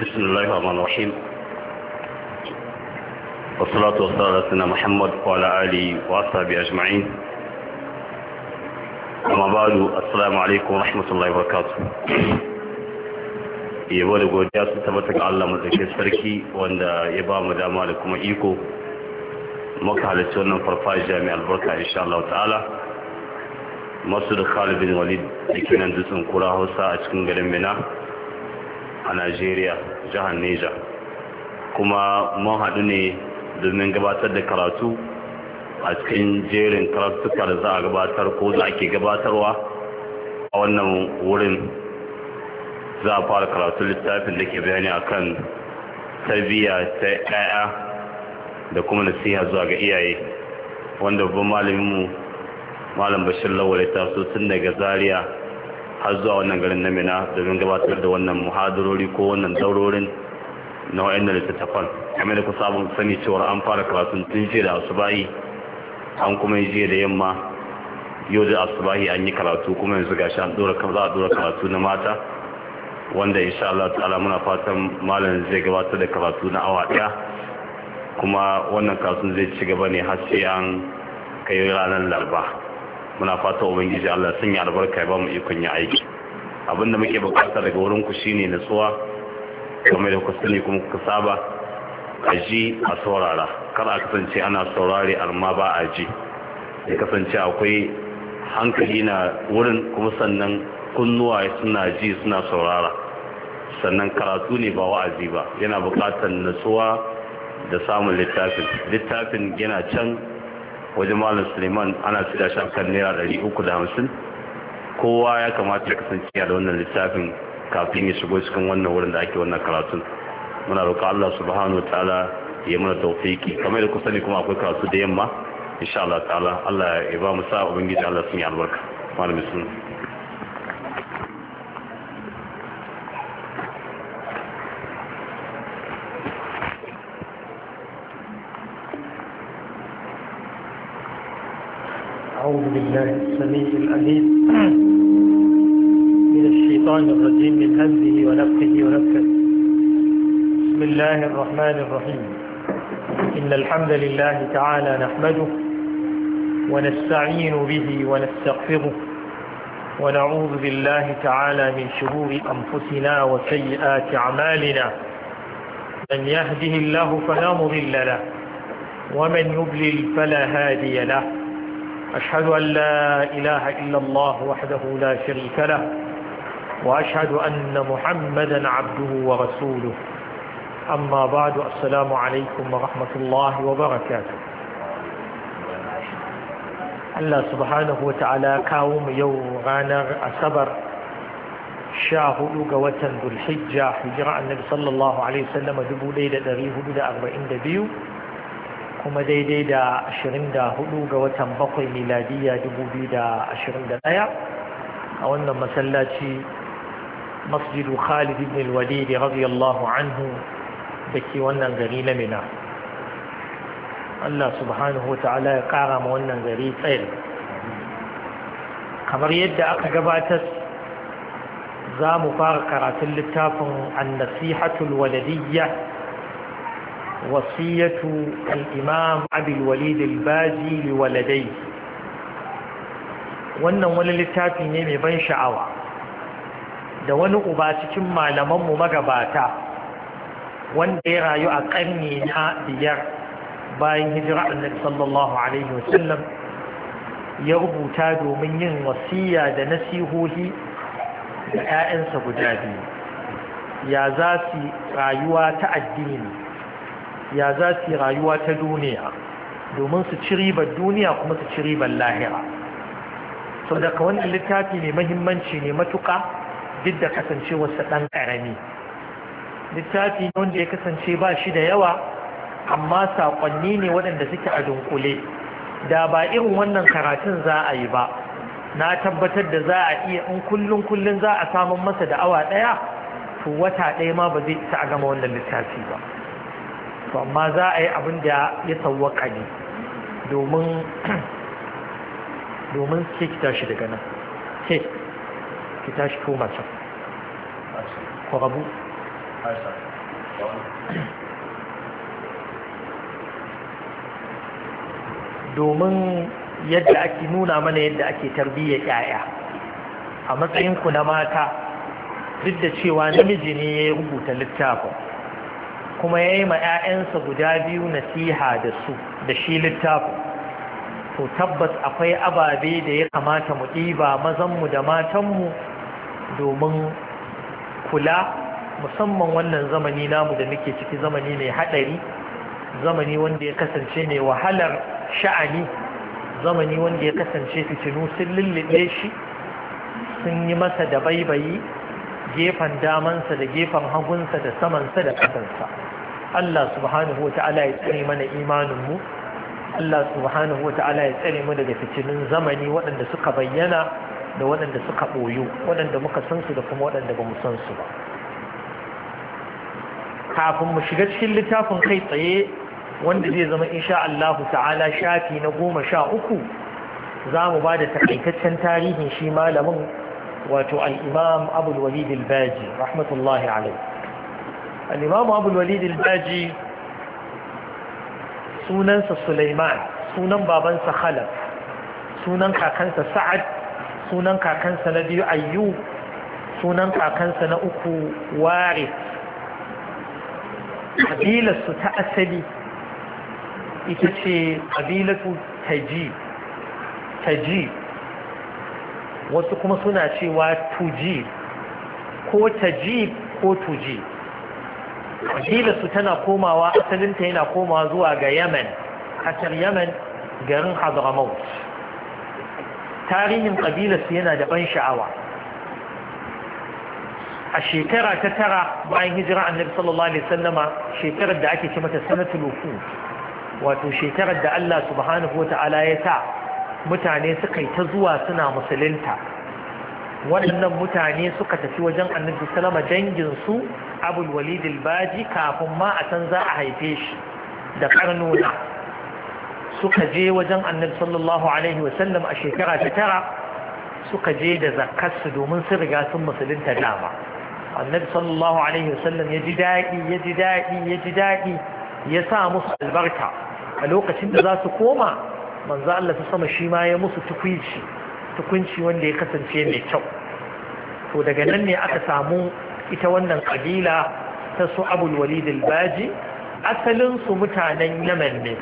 بسم الله الرحمن الرحيم والصلاة والسلام على محمد وعلى آله وأصحابه أجمعين أما بعد السلام عليكم ورحمة الله وبركاته yabo da godiya su tabbata ga Allah madaukakin sarki wanda ya ba mu dama da kuma iko maka halarci wannan farfajiya mai albarka insha Allah ta'ala masu da Khalid bin Walid da ke nan dutsen kura Hausa a cikin garin minna a najeriya jihar neja kuma mun haɗu ne domin gabatar da karatu a cikin jerin karatuka da za a gabatar ko za ke gabatarwa a wannan wurin za a fara karatu littafin da ke bayani a kan tarbiyya ta 'ya'ya da kuma nasiha zuwa ga iyaye wanda babban malaminmu malam bashir lawal ya taso tun daga zaria har zuwa wannan garin na mina domin gabatar da wannan muhadarori ko wannan daurorin na wa'annan littattafan kamar da ku sabon sani cewar an fara karatun tun jiya da asubahi an kuma yi jiya da yamma yau da asubahi an yi karatu kuma yanzu ga shi za a dora karatu na mata wanda insha Allah ta'ala muna fatan malam zai gabatar da karatu na awa ɗaya kuma wannan karatun zai ci gaba ne har sai an kai ranar larba muna fata ubangiji Allah sun yi albarka ya ba mu ikon ya aiki abinda muke bukata daga wurin ku shine nutsuwa kamar da ku sani kuma ku saba a ji a saurara kar a kasance ana saurare amma ba a ji ya kasance akwai hankali na wurin kuma sannan kunnuwa suna ji suna saurara sannan karatu ne ba wa'azi ba yana bukatar nutsuwa da samun littafin littafin yana can wajen malam suleiman ana sida shi akan naira ɗari uku da hamsin kowa ya kamata ya kasance da wannan littafin kafin ya shigo cikin wannan wurin da ake wannan karatun muna roƙa Allah subhanahu wa ta'ala ya mana tawfiki kamar da sani kuma akwai karatu da yamma insha Allah ta'ala Allah ya ba mu sa ubangiji Allah sun yi albarka malam suleiman الله السميع العليم من الشيطان الرجيم من همزه ونفخه ونفخه بسم الله الرحمن الرحيم إن الحمد لله تعالى نحمده ونستعين به ونستغفره ونعوذ بالله تعالى من شرور أنفسنا وسيئات أعمالنا من يهده الله فلا مضل له ومن يضلل فلا هادي له أشهد أن لا إله إلا الله وحده لا شريك له وأشهد أن محمدا عبده ورسوله أما بعد السلام عليكم ورحمة الله وبركاته الله سبحانه وتعالى كاوم يوم غانر أسبر شاهد قوة ذو الحجة هجرة النبي صلى الله عليه وسلم دبو ليلة دريه بدا أربعين دبيو kuma daidai da 24 ga watan 7 miladiya 2021 a wannan masallaci masjidu khalid ibn al-walid radiyallahu anhu da ke wannan gari na mina Allah subhanahu wa ta'ala ya kara ma wannan gari tsayin kamar yadda aka gabatar za mu fara karatun littafin an nasihatul waladiyya وصية الإمام أبي الوليد الباجي لولديه wannan wani littafi ne mai ban sha'awa da wani uba cikin malamanmu magabata wanda ya rayu a ƙarni na biyar bayan hijira annabi sallallahu alaihi wasallam ya rubuta domin yin wasiya da nasihohi da 'ya'yansa guda biyu ya za su rayuwa ta addini ya za su rayuwa ta duniya domin su ci ribar duniya kuma su ci ribar lahira sau daga wannan littafi mai mahimmanci ne matuƙa duk da kasance wasu ɗan ƙarami littafi ne wanda ya kasance ba shi da yawa amma saƙonni ne waɗanda suke a dunkule da ba irin wannan karatun za a yi ba na tabbatar da za a iya in kullum kullum za a samun masa da awa ɗaya to wata ɗaya ma ba zai isa a gama wannan littafi ba to amma za a yi abin da ya sauwaka ne domin domin ke ki tashi daga nan ke ki tashi ko mace ko rabu domin yadda ake nuna mana yadda ake tarbiyyar yaya a matsayinku na mata duk da cewa namiji ne ya rubuta littafin kuma ya yi ma 'ya'yansa guda biyu nasiha da su da shi littafi to tabbas akwai ababe da ya kamata mu ɗiba mazanmu da matanmu domin kula musamman wannan zamani namu da muke ciki zamani mai haɗari zamani wanda ya kasance mai wahalar sha'ani zamani wanda ya kasance fitinu sun lullube shi sun yi masa da baibayi gefen damansa da gefen hagunsa da samansa da ƙasansa Allah subhanahu wa ta'ala ya tsare mana imaninmu Allah subhanahu wa ta'ala ya tsare mu daga fitilun zamani waɗanda suka bayyana da waɗanda suka ɓoyo waɗanda muka san su da kuma waɗanda ba mu san su ba kafin mu shiga cikin littafin kai tsaye wanda zai zama insha Allah ta'ala shafi na goma sha uku za mu ba da takaitaccen tarihin shi malamin واتو الإمام أبو الوليد الباجي رحمة الله عليه الإمام أبو الوليد الباجي سونان سليمان سونان بابان سخلف سونان كاكنس سعد سونان كاكنس نبي أيوب سونان كاكنس نأكو وارث قبيلة ستأسلي إتتي قبيلة تجيب تجيب wasu kuma suna cewa tuji ko tajib ko tuji kabila su tana komawa asalinta yana komawa zuwa ga yaman kasar yaman garin hadramaut tarihin ƙabilarsu su yana da ban sha'awa a shekara ta tara bayan hijira annabi sallallahu alaihi sallama shekarar da ake ce mata sanatul wufud wato shekarar da Allah subhanahu ta'ala ya sa mutane suka yi ta zuwa suna musulunta waɗannan mutane suka tafi wajen annabi salama danginsu abul walidil baji kafin ma a san za a haife shi da karnuna suka je wajen annabi sallallahu alaihi wasallam a shekara ta tara suka je da zakarsu domin sun riga sun musulunta dama annabi sallallahu alaihi wasallam ya ji daɗi ya ji daɗi ya ji daɗi ya sa musu albarka a lokacin da za su koma manzo Allah ta sama shi ma ya musu tukunci tukunci wanda ya kasance mai kyau to daga nan ne aka samu ita wannan kabila ta su abul walid al-baji asalin su mutanen yaman ne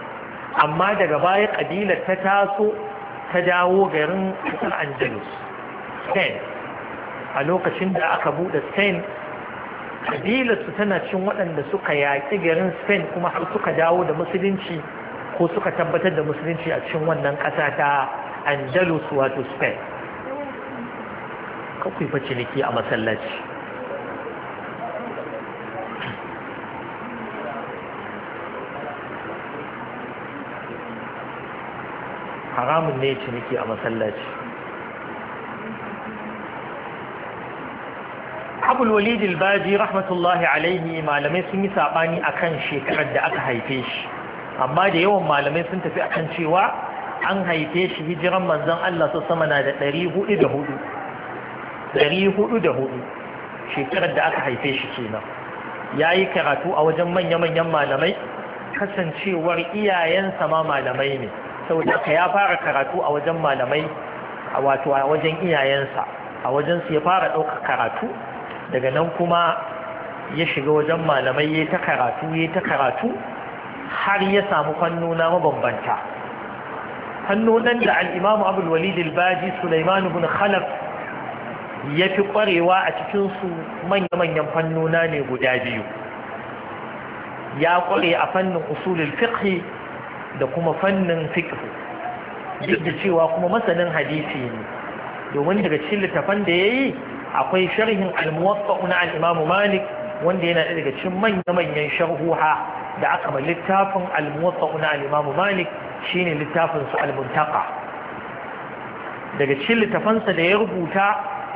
amma daga baya kabila ta taso ta dawo garin Los Angeles Spain a lokacin da aka bude Spain ƙabilarsu tana cin waɗanda suka yaƙi garin Spain kuma har suka dawo da musulunci ko suka tabbatar da musulunci a cikin wannan ƙasa ta andalus wato spain kakwai fa ciniki a masallaci haramun ne ciniki a masallaci abul walid al-baji rahmatullahi alaihi malamai sun yi sabani akan shekarar da aka haife shi amma da yawan malamai sun tafi a kan cewa an haife shi hijiran manzon Allah su sama na da 404 hudu, shekarar da aka haife shi kenan yi karatu a wajen manya-manyan malamai kasancewar iyayensa ma malamai ne saboda ka ya fara karatu a wajen malamai a wato a wajen iyayensa a wajen su ya fara ɗaukar karatu daga nan kuma ya shiga wajen malamai ya ta karatu ya ta karatu har ya samu fannuna mabambanta fannunan da al'imamu abul walid al-baji sulaiman ibn khalaf ya fi kwarewa a cikinsu manya-manyan fannuna ne guda biyu ya kware a fannin usulul fiqh da kuma fannin fiqh duk da cewa kuma masanin hadisi ne domin daga cikin littafan da yi akwai sharhin al na al-imam malik wanda yana daga cikin manya-manyan sharhuha da aka ba littafin al na alimamu malik shine littafin su al daga cikin littafansa da ya rubuta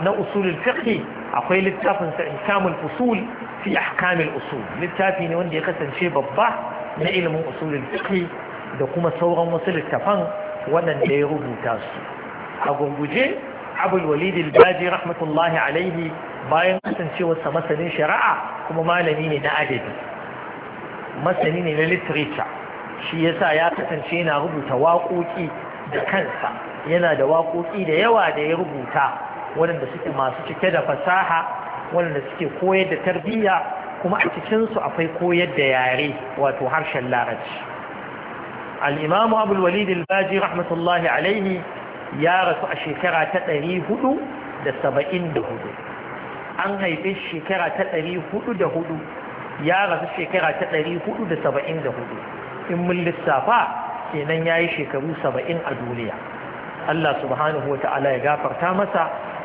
na usulul fiqh akwai littafin sa ihkamul usul fi ahkamil usul littafi ne wanda ya kasance babba na ilimin usulul fiqh da kuma sauran wasu littafan waɗanda ya rubuta su a gurguje abul walid al-baji rahmatullahi alaihi bayan kasancewarsa masanin shari'a kuma malami ne na adabi masani ne na literature shi yasa ya kasance yana rubuta waƙoƙi da kansa yana da waƙoƙi da yawa da ya rubuta waɗanda suke masu cike da fasaha waɗanda suke koyar da tarbiyya kuma a cikinsu akwai koyar da yare wato harshen larabci al'imamu abulwalid al-baji rahmatullahi alaihi ya rasu a shekara ta ɗari hudu da saba'in da hudu an haife shekara ta ɗari hudu da hudu ya rasu shekara ta 474 in mun lissafa kenan ya yi shekaru 70 a duniya Allah subhanahu wa ta'ala ya gafarta masa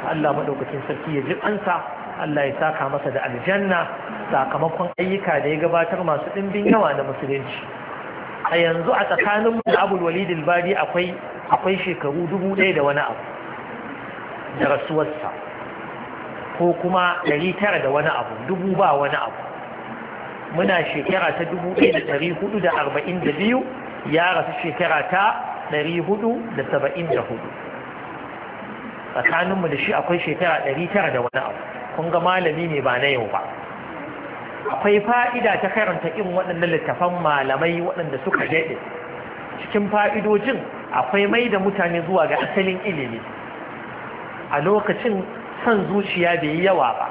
Allah maɗaukacin sarki ya ji ansa Allah ya saka masa da aljanna sakamakon ayyuka da ya gabatar masu ɗimbin yawa na musulunci a yanzu a tsakanin da abul walidil bari akwai akwai shekaru dubu ɗaya da wani abu da rasuwarsa ko kuma ɗari tara da wani abu dubu ba wani abu muna shekara ta 1442 ya rasu shekara ta 474 tsakaninmu da shi akwai shekara 900 da wani abu kun ga malami ne ba na yau ba akwai fa'ida ta karanta in waɗannan littafan malamai waɗanda suka daɗe cikin fa'idojin akwai mai da mutane zuwa ga asalin ilimi a lokacin son zuciya bai yi yawa ba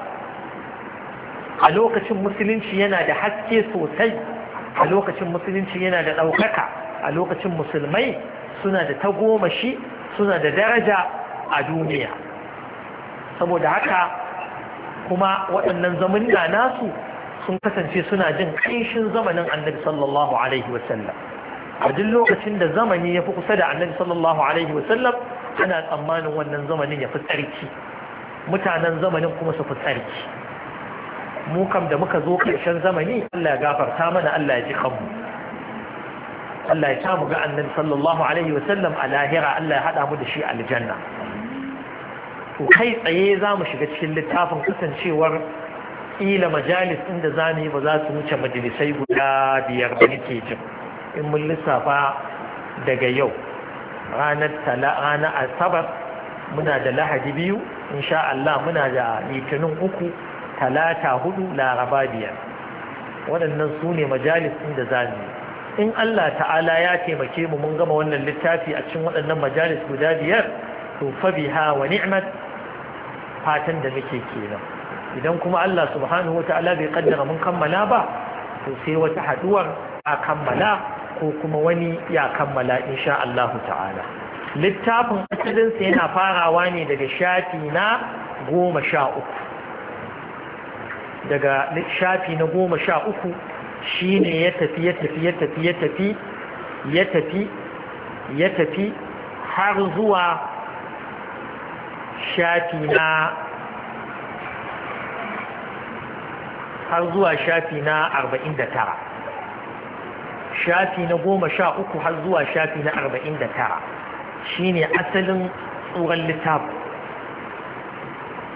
a lokacin musulunci yana da haske sosai a lokacin musulunci yana da ɗaukaka a lokacin musulmai suna da tagomashi suna da daraja a duniya saboda haka kuma waɗannan zamanna nasu sun kasance suna jin ƙanshin zamanin annabi sallallahu alaihi wasallam a duk lokacin da zamani ya fi kusa da annabi sallallahu alaihi wasallam ana tsammanin wannan zamanin ya fi tsarki mutanen zamanin kuma su fi tsarki mu kam da muka zo ƙarshen zamani Allah ya gafarta mana Allah ya ji kanmu Allah ya samu ga annabi sallallahu alaihi wa sallam a lahira Allah ya hada mu da shi aljanna to kai tsaye za mu shiga cikin littafin kasancewar ila majalis inda za mu yi ba za su wuce majalisai guda biyar da nake jin in mun lissafa daga yau ranar ranar asabar muna da lahadi biyu insha Allah muna da litinin uku talata hudu laraba biyar waɗannan su ne majalis ɗin da za mu in Allah ta'ala ya taimake mu mun gama wannan littafi a cikin waɗannan majalis guda biyar to fa biha wa ni'mat fatan da muke kenan idan kuma Allah subhanahu wata'ala bai kaddara mun kammala ba to sai wata haduwar a kammala ko kuma wani ya kammala insha Allah ta'ala littafin asalin sa yana farawa ne daga shafi na goma sha uku daga shafi na goma sha uku shi ne ya tafi ya tafi ya tafi ya tafi ya tafi ya tafi har zuwa shafi na har zuwa shafi na arba'in da tara shafi na goma sha uku har zuwa shafi na arba'in da tara shi ne asalin tsoron littafi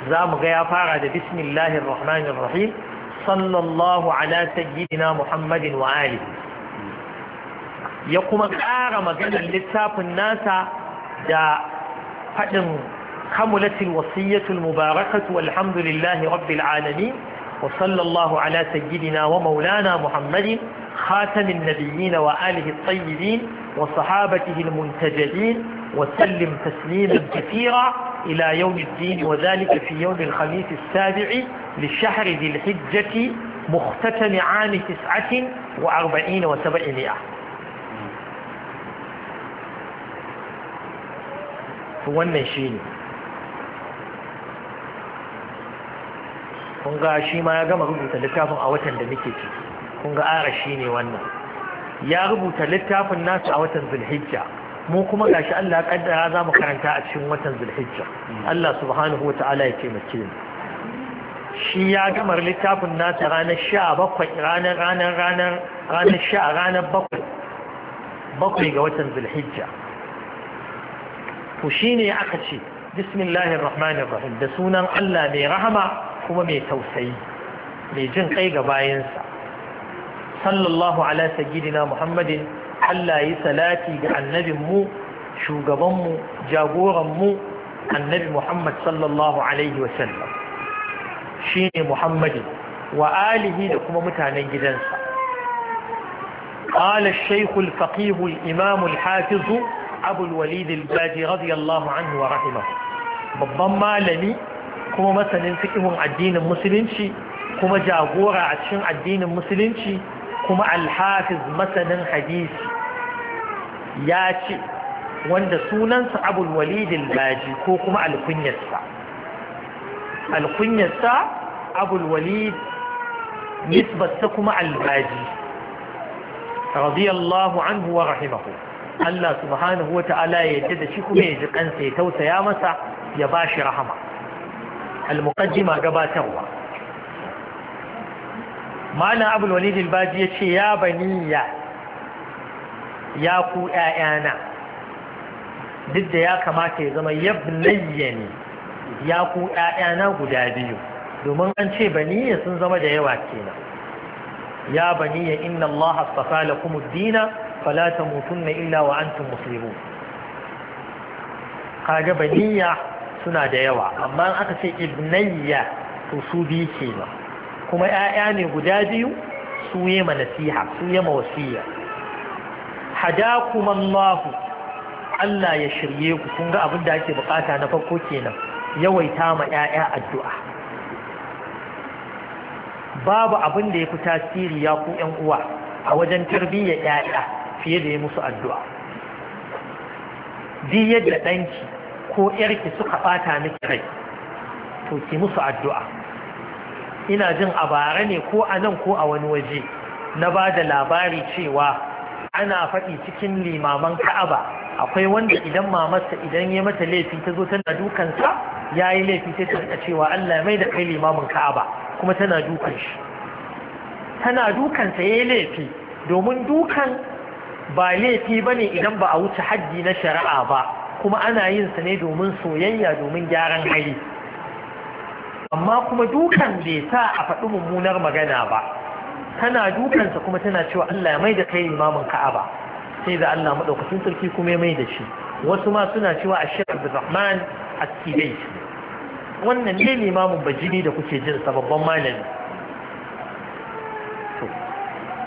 za mu ga ya fara da bismillahir rahmanir rahim sallallahu ala sayyidina muhammadin wa ali ya kuma ƙara maganar littafin nasa da faɗin kamulatul wasiyyatul mubarakatu walhamdulillahi rabbil alamin wa sallallahu ala sayyidina wa maulana muhammadin khatamin nabiyyin wa alihi at-tayyibin wa sahabatihi al-muntajabin wa sallim tasliman kathira إلى يوم الدين وذلك في يوم الخميس السابع لشهر ذي الحجة مختتم عام تسعة وأربعين وسبعمائة wannan shi ne kunga shi ma ya gama rubuta littafin a watan da muke ci kunga ara shi ne wannan ya rubuta littafin nasu a watan zulhijja mu kuma gashi Allah kaddara za mu karanta a cikin watan zulhijja Allah subhanahu wa ta'ala ya taimake mu shi ya gamar littafin ta ranar sha bakwai ranar ranar ranar ranar sha ranar bakwai bakwai ga watan zulhijja to shine aka ce bismillahir rahmanir rahim da sunan Allah mai rahama kuma mai tausayi mai jin kai ga bayansa sallallahu ala sayyidina muhammadin Allah yi salati ga annabinmu shugabanmu mu annabi Muhammad sallallahu Alaihi wasallam shi ne Muhammadin wa alihi da kuma mutanen gidansa. قال الشيخ الفقيه الإمام الحافظ أبو الوليد الباجي رضي الله عنه ورحمه babban malami kuma masanin fikihun addinin musulunci kuma jagora a cikin addinin musulunci kuma alhafiz masanin hadisi ya ce wanda sunansa abul walidin baji ko kuma alkunyarsa alkunyarsa abul walid nisbarsa kuma albaji radiyallahu anhu wa rahimahu Allah subhanahu wa ta'ala ya yadda da shi kuma ya ji kansa ya tausaya masa ya ba shi rahama al-muqaddima gabatarwa malam abul walid al ya ce ya baniya ya ku ƴaƴana duk da ya kamata ya zama ya ne ya ku ƴaƴana guda biyu domin an ce baniya sun zama da yawa kenan ya baniya inna allaha astafa lakum kuma dina mutum tamutunna illa wa antum muslimun kaga baniya suna da yawa amma aka ce ibnayya to su biyu kenan kuma 'ya'ya ne guda biyu su yi ma nasiha su yi ma wasiya Allah ya shirye ku kun ga abin da ake bukata na farko kenan yawaita ma 'ya'ya addu'a babu abin da ya fi tasiri ya ku 'yan uwa a wajen tarbiyyar 'ya'ya fiye da ya musu addu'a di yadda ɗanki ko 'yarki suka ɓata miki rai to ki musu addu'a ina jin a bara ne ko a nan ko a wani waje na ba da labari cewa ana faɗi cikin limaman ka'aba akwai wanda idan mamarsa idan ya mata laifi ta zo tana dukansa ya yi laifi sai ta cewa Allah mai da kai limamin ka'aba kuma tana dukan shi tana dukansa ya yi laifi domin dukan ba laifi ba ne idan ba a wuce haddi na shari'a ba kuma ana yin sa ne domin soyayya domin gyaran hali amma kuma dukan bai sa a faɗi mummunar magana ba tana dukansa kuma tana cewa Allah ya mai da kai imamin Ka'aba sai da Allah maɗaukacin sarki kuma ya mai da shi wasu ma suna cewa a shi abdurrahman rahman a wannan ne limamin bajini da kuke jin sa babban malami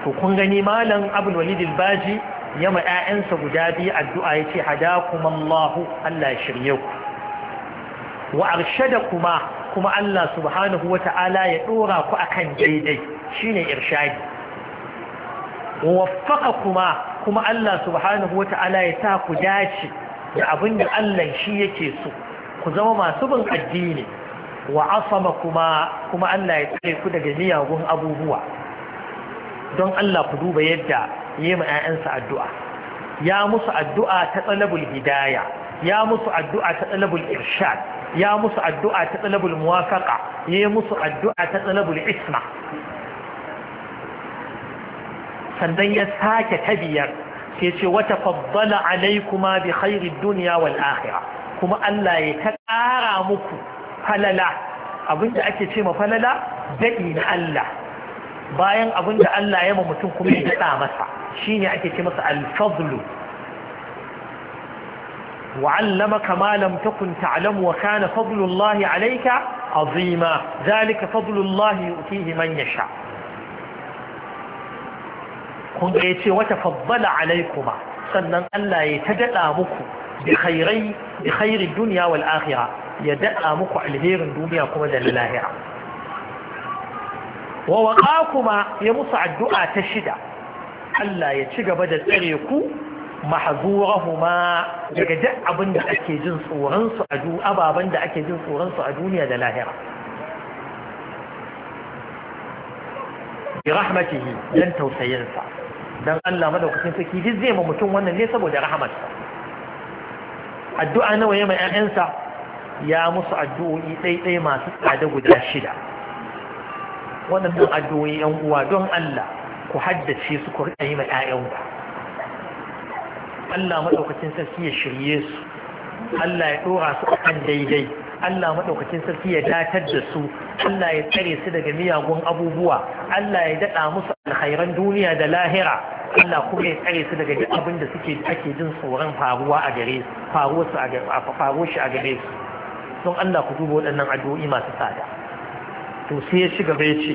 to kun gani malam abul walid al-baji ya ma ƴaƴansa guda biyu addu'a yace hadakum Allah Allah ya shirye ku wa kuma. kuma Allah subhanahu ta'ala ya ɗora ku akan daidai shine irshadi waffaka kuma kuma Allah subhanahu ta'ala ya sa ku dace da abin da Allah shi yake so ku zama masu bin addini wa asama kuma kuma Allah ya tsare ku daga miyagun abubuwa don Allah ku duba yadda yayi ma ƴaƴansa addu'a ya musu addu'a ta talabul hidaya ya musu addu'a ta tsalabul irshad ya musu addu'a ta tsalabul muwafaka ya musu addu'a ta tsalabul isma sannan ya sake tabiyar ke ce wata faddala alaikuma bi khairi duniya wal akhira kuma Allah ya ta ƙara muku falala abinda ake ce ma falala daɗi na Allah bayan abinda Allah ya ma mutum kuma ya daɗa masa shine ake ce masa alfazlu وعلمك ما لم تكن تعلم وكان فضل الله عليك عظيما ذلك فضل الله يؤتيه من يشاء kun ce wata fabbala alaikuma sannan Allah ya ta daɗa muku bi khairi duniya wal akhira ya daɗa muku alherin duniya kuma da lahira wa waƙa kuma ya musu addu'a ta shida Allah ya ci gaba da tsare ku mahzurahuma daga duk abin da ake jin tsoronsu a duniya da ake jin tsoronsu a duniya da lahira bi rahmatihi dan tausayin sa dan Allah madaukakin sarki duk zai ma mutum wannan ne saboda rahmatsa addu'a nawa ya mai ƴaƴansa ya musu addu'o'i ɗaiɗai masu tsada guda shida waɗannan addu'o'i ƴan uwa don Allah ku haddace su ku riƙa yi ma ƴaƴanku Allah maɗaukacin sarki ya shirye su Allah ya ɗora su a kan daidai Allah maɗaukacin sarki ya datar da su Allah ya tsare su daga miyagun abubuwa Allah ya daɗa musu alkhairan duniya da lahira Allah kuma ya tsare su daga duk abin da suke ake jin tsoron faruwa a gare su faruwa shi a gare su don Allah ku duba waɗannan addu'o'i masu tsada to sai ya ci gaba ya ce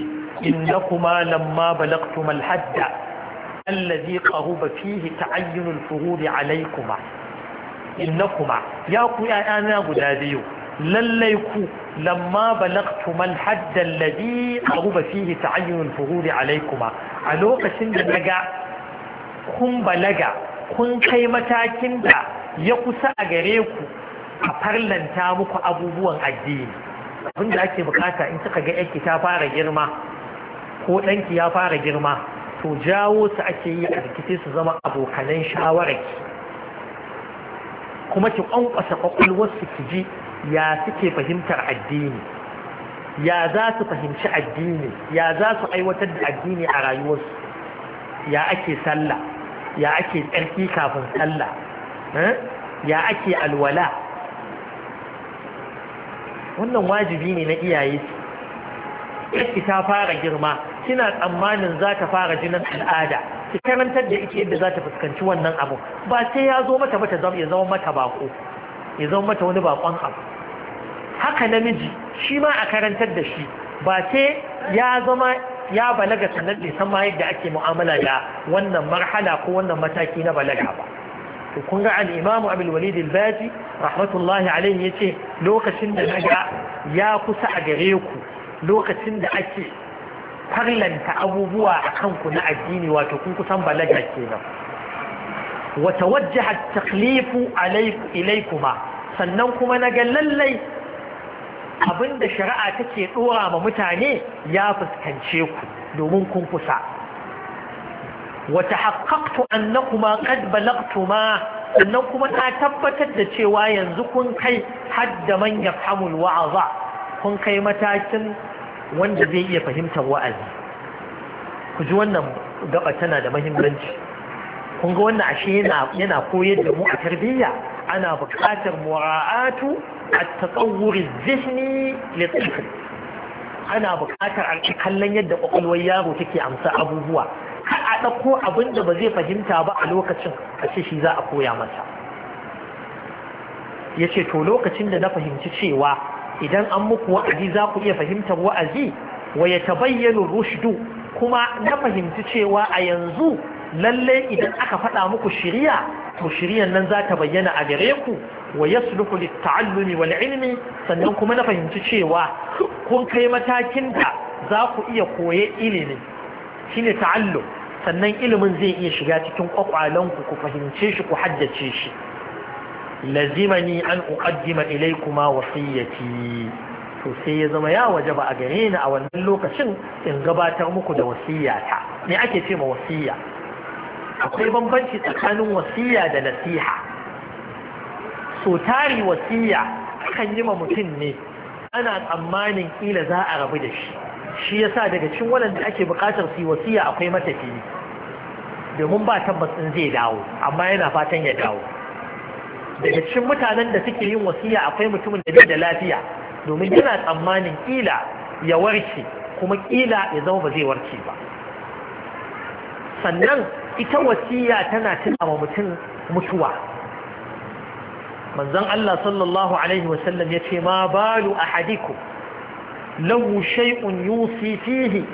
innakuma lamma balagtum alhadda allazi qahuba fihi ta'ayyunul fuhudi alaykuma innakuma ya ku ya'ana guda biyu lallai ku lamma balagtum al-hadd allazi qahuba fihi ta'ayyunul fuhudi alaykuma a lokacin da daga kun balaga kun kai matakin da ya kusa a gare ku a farlanta muku abubuwan addini abinda ake bukata in kika ga yake ta fara girma ko ɗanki ya fara girma to jawo su ake yi a rikice su zama abokanan shawararki kuma ki kwankwasa kwakwalwarsu ki ji ya suke fahimtar addini ya za su fahimci addini ya za su aiwatar da addini a rayuwarsu ya ake sallah ya ake tsarki kafin sallah eh? ya ake alwala wannan wajibi ne na iyaye su ta fara girma kina tsammanin za ta fara jinin al'ada ki karantar da ita yadda za ta fuskanci wannan abu ba sai ya zo mata ba ta zama ya zama mata bako ya zama mata wani bakon abu haka namiji shi ma a karantar da shi ba sai ya zama ya balaga sannan bai san ma yadda ake mu'amala da wannan marhala ko wannan mataki na balaga ba to kun ga al-Imam Abu walid al-Baji rahmatullahi alayhi yace lokacin da naga ya kusa a gare ku lokacin da ake farlanta abubuwa a kanku na addini wato kun kusan balaga kenan wata tawajjaha taklifu ilaykuma sannan kuma na ga lallai abinda shari'a take dora ma mutane ya fuskance ku domin kun kusa wa tahaqqaqtu annakuma qad balagtuma sannan kuma na tabbatar da cewa yanzu kun kai hadda man hamul wa'aza kun kai matakin wanda zai iya fahimtar wa'azi ku ji wannan gaba tana da mahimmanci kun ga wannan ashe yana koyar da mu a tarbiyya ana buƙatar mura'atu a tatsawuri zihni littafi ana buƙatar an kallon yadda ƙwaƙwalwar yaro take amsa abubuwa har a ɗauko abin da ba zai fahimta ba a lokacin a shi za a koya mata. ya ce to lokacin da na fahimci cewa idan an muku wa'azi za ku iya fahimtar wa'azi wa ya bayyana rushdu kuma na fahimci cewa a yanzu lalle idan aka faɗa muku shiriya to shiryan nan za ta bayyana a gare ku wa yasluhu ta'allumi wal ilmi sannan kuma na fahimci cewa kun kai matakin da za ku iya koye ilimi shine ta'allum sannan ilimin zai iya shiga cikin kwakwalanku ku fahimce shi ku haddace shi lazimani an uqaddima ilaykuma wasiyati to sai ya zama ya waje ba a gare ni a wannan lokacin in gabatar muku da wasiyata me ake ce ma wasiya akwai bambanci tsakanin wasiya da nasiha so tari wasiya kan yi ma mutum ne ana tsammanin kila za a rabu da shi shi yasa daga cikin waɗanda ake buƙatar su wasiya akwai matafiyi domin ba tabbas in zai dawo amma yana fatan ya dawo daga cikin mutanen da suke yin wasiya akwai mutumin da bai da lafiya domin yana tsammanin kila ya warke kuma kila ya zama ba zai warke ba sannan ita wasiya tana tuna wa mutum mutuwa manzon Allah sallallahu alaihi wasallam ya ce ma balu ahadiku lahu shay'un yusi fihi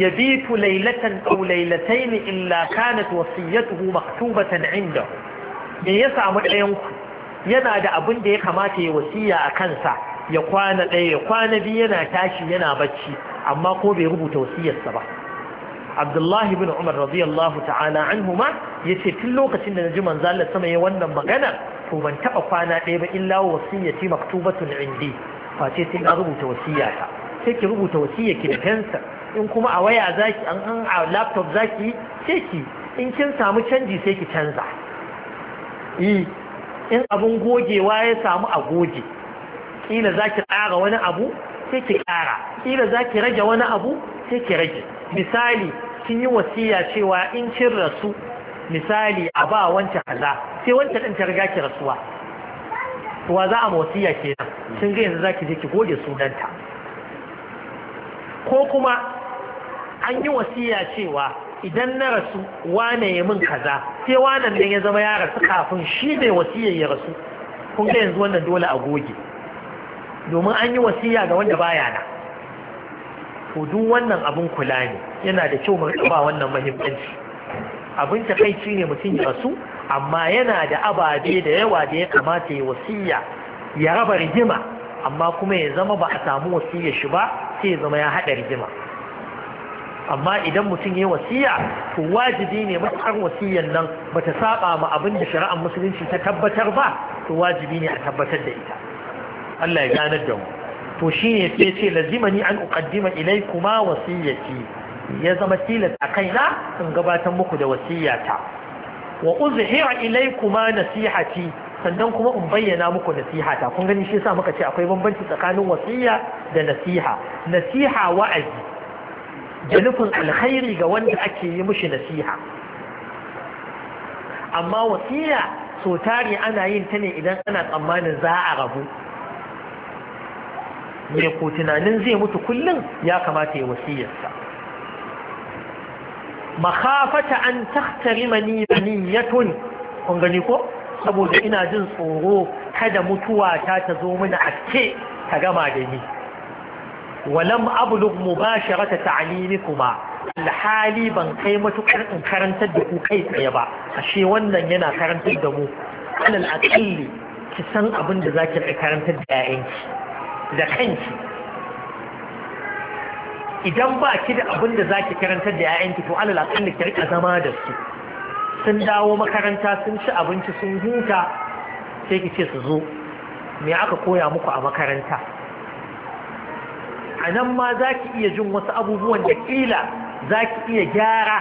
yabitu laylatan aw laylatayn illa kanat wasiyatuhu maktubatan 'indahu me ya samu ɗayanku yana da abin da ya kamata ya wasiya a kansa ya kwana ɗaya ya kwana biyu yana tashi yana bacci amma ko bai rubuta wasiyarsa ba abdullahi bin umar radiyallahu ta'ala anhuma ya ce tun lokacin da na ji manzalar sama ya wannan magana to ban taɓa kwana ɗaya ba illa wasiyyati maktubatun indi face sai na rubuta wasiyata sai ki rubuta wasiyyarki da fensa in kuma a waya zaki an a laptop zaki sai ki in kin samu canji sai ki canza yi e, in abin gogewa ya samu a goge Ƙila za ki ƙara wani abu sai ki ƙara Ƙila za ki rage wani abu sai ki rage misali kin yi wasiya cewa in kin rasu misali a ba wancan kaza sai wancan ɗin ta riga ki rasuwa wa za a wasiya kenan Sun ga yanzu za ki je ki goge sunanta ko kuma an yi wasiya cewa idan na rasu wane ya min kaza sai wanan nan ya zama ya rasu kafin shi mai wasiyar ya rasu kun ga yanzu wannan dole a goge domin an yi wasiya ga wanda baya na to duk wannan abin kula ne yana da kyau mu ba wannan muhimmanci abin takaici ne mutum ya rasu amma yana da ababe da yawa da ya kamata ya wasiya ya raba rigima amma kuma ya zama ba a samu wasiyar shi ba sai ya zama ya haɗa rigima amma idan mutum ya wasiya to wajibi ne matakar wasiyan nan bata saba ma abin da shari'ar musulunci ta tabbatar ba to wajibi ne a tabbatar da ita Allah ya ganar da mu to shine sai ce lazimani an uqaddima ilaykuma wasiyati ya zama tilas a kaina in gabatar muku da wasiyata wa uzhira ilaykuma nasihati sannan kuma in bayyana muku nasihata kun gani shi yasa muka ce akwai bambanci tsakanin wasiya da nasiha nasiha wa'azi da nufin alkhairi ga wanda ake yi mushi nasiha amma wasiya so tare ana yin ta ne idan ana tsammanin za a rabu mai ko tunanin zai mutu kullum ya kamata ya wasiyarsa makafata an tattari mani maniyatun kun gani ko saboda ina jin tsoro kada mutuwa ta ta zo mana a ta gama da ni ولم أبلغ مباشرة تعليمكما الحالي بان قيمة كرنت الدكو كيف يبا أشي وانا ينا كرنت الدمو على الأقل كسن أبن ذاكر كرنت الدائنك ذاكنك idan ba ki da abin da za ki karantar da 'ya'yanki to alal aƙalli ki rika zama da su sun dawo makaranta sun ci abinci sun huta sai ki ce su zo me aka koya muku a makaranta a nan ma za ki iya jin wasu abubuwan da ƙila za ki iya gyara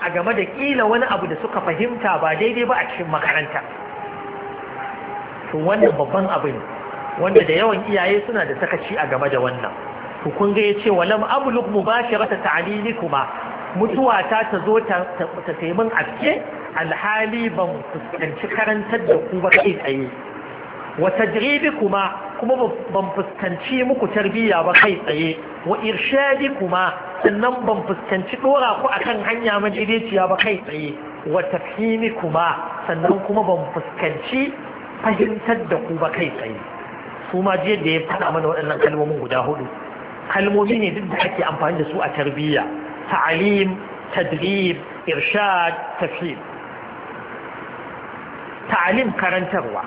a game da ƙila wani abu da suka fahimta ba daidai ba a cikin makaranta to wannan babban abu ne wanda da yawan iyaye suna da sakaci a game da wannan wa kun ga mu walam ablugh mubashirata kuma mutuwa ta ta zo ta ta taimin alhali ban fuskanci karantar da ku ba kai tsaye wa tajribikuma kuma ban fuskanci muku tarbiyya ba kai tsaye wa kuma sannan ban fuskanci dora ku akan hanya majidiciya ba kai tsaye wa kuma sannan kuma ban fuskanci fahimtar da ku ba kai tsaye su ma jiya da ya faɗa mana waɗannan kalmomin guda hudu kalmomi ne duk da ake amfani da su a tarbiyya ta'alim tadrib irshad tafhim ta'alim karantarwa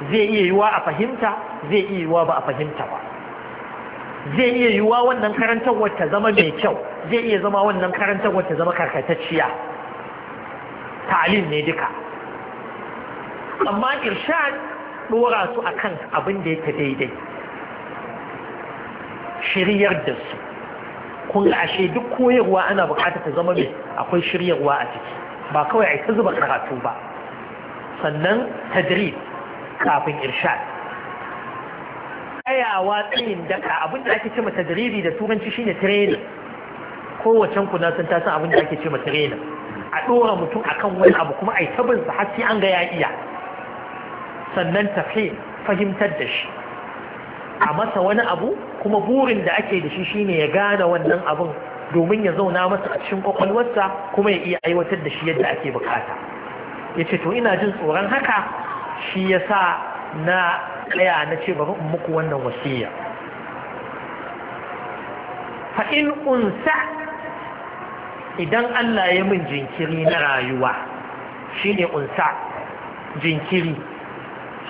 zai iya yiwa a fahimta zai iya yiwa ba a fahimta ba zai iya yiwa wannan karantarwar ta zama mai kyau zai iya zama wannan karantarwar ta zama karkatacciya ta'alim ne duka amma irshad dora su akan abin da yake daidai shiryar da su kun ashe duk koyarwa ana bukata ta zama mai akwai shiryarwa a ciki ba kawai a ta zuba karatu ba sannan tadrib kafin irshad tsayawa tsayin daka abin da ake ce ma da turanci shine training kowace kuna sun san ta san abin da ake ce ma training a dora mutum akan wani abu kuma ai tabin sa har sai an ga ya iya sannan tafi fahimtar da shi a masa wani abu kuma burin da ake da shi shine ya gane wannan abun domin ya zauna masa a cikin kwakwalwarsa kuma ya iya aiwatar da shi yadda ake bukata ya ce to ina jin tsoron haka shi ya sa na tsaya na ce bari in muku wannan wasiya in unsa idan Allah ya min jinkiri na rayuwa shi ne unsa jinkiri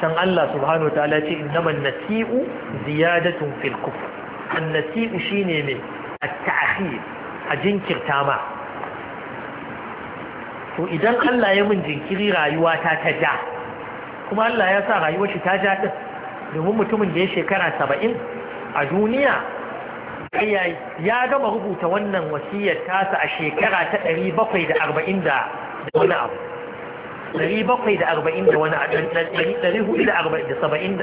shan Allah subhanahu ta'ala ce innaman nasi'u ziyadatun fil kufr an nasi'u shine mai at-ta'khir a jinkirta ma to idan Allah ya min jinkiri rayuwa ta ta ja kuma Allah ya sa rayuwar shi ta ja din domin mutumin da ya shekara saba'in a duniya ya gama rubuta wannan wasiyar tasa a shekara ta ɗari bakwai da arba'in da wani abu ɗari bakwai da arba'in da wani abu ɗari hudu da arba'in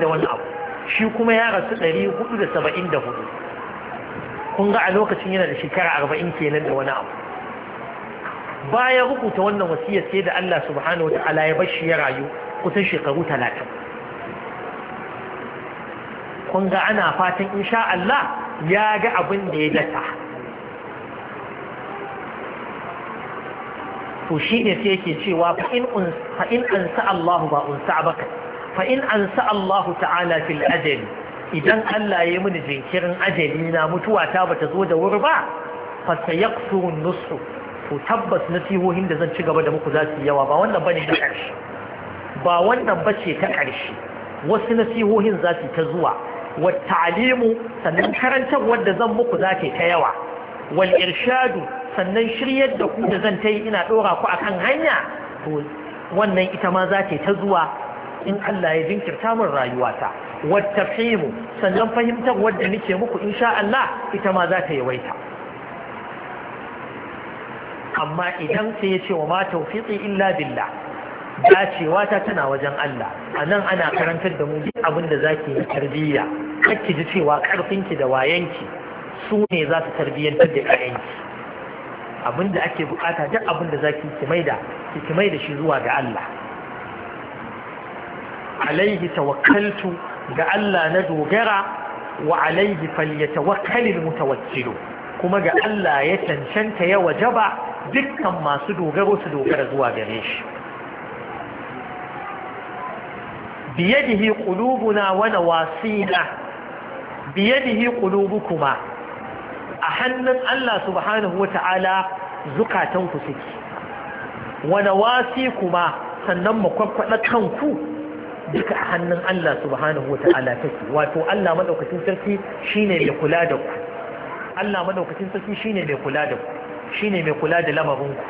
da wani abu shi kuma ya rasu ɗari hudu da saba'in da hudu kun ga a lokacin yana da shekara arba'in kenan da wani abu baya rubuta wannan wasiyar sai da Allah subhanahu wa ta'ala ya bashi ya rayu kusan shekaru talatin kun ga ana fatan insha Allah ya ga abin da ya dasa to shi ne sai yake cewa fa in ansa Allahu Allah ba un baka fa in Allah ta'ala fil ajali idan Allah ya yi mini jinkirin ajali na mutuwa ta bata zo da wuri ba fa sayaqsu nusu to tabbas nasihohin da zan ci gaba da muku za su yawa ba wannan ta ƙarshe ba wannan bace ta ƙarshe wasu nasihohin za su ta zuwa wa ta'limu sannan karantar wadda zan muku za ta ta yawa wal irshadu sannan shiryar da ku da zan ta yi ina ɗora ku akan hanya to wannan ita ma za ta ta zuwa in Allah ya jinkirta min rayuwata wa tafhimu sannan fahimtar wadda nake muku insha Allah ita ma za ta yawaita amma idan sai ya ce wa ma tawfiqi illa billah dacewa ta tana wajen Allah a nan ana karantar da mu duk abin da ki yi tarbiyya ki ji cewa ƙarfinki da wayanki su ne za su tarbiyyantar da ƴaƴanki abin da ake bukata duk abin da za ki maida ki maida shi zuwa ga Allah alaihi tawakkaltu ga Allah na dogara wa alaihi falyatawakkalul mutawakkilu kuma ga Allah ya cancanta ya wajaba dukkan masu dogaro su dogara zuwa gare shi Biye da wani biyadihi qulubuna wa nawasina biyadihi kuma, a hannun Allah subhanahu wata'ala zukatan ku suke Wani wasi kuma sannan makwakwadar kanku duka a hannun Allah subhanahu wata'ala take wato Allah maɗaukacin sarki shine mai kula da ku Allah maɗaukacin sarki shine mai kula da ku shine mai kula da lamarinku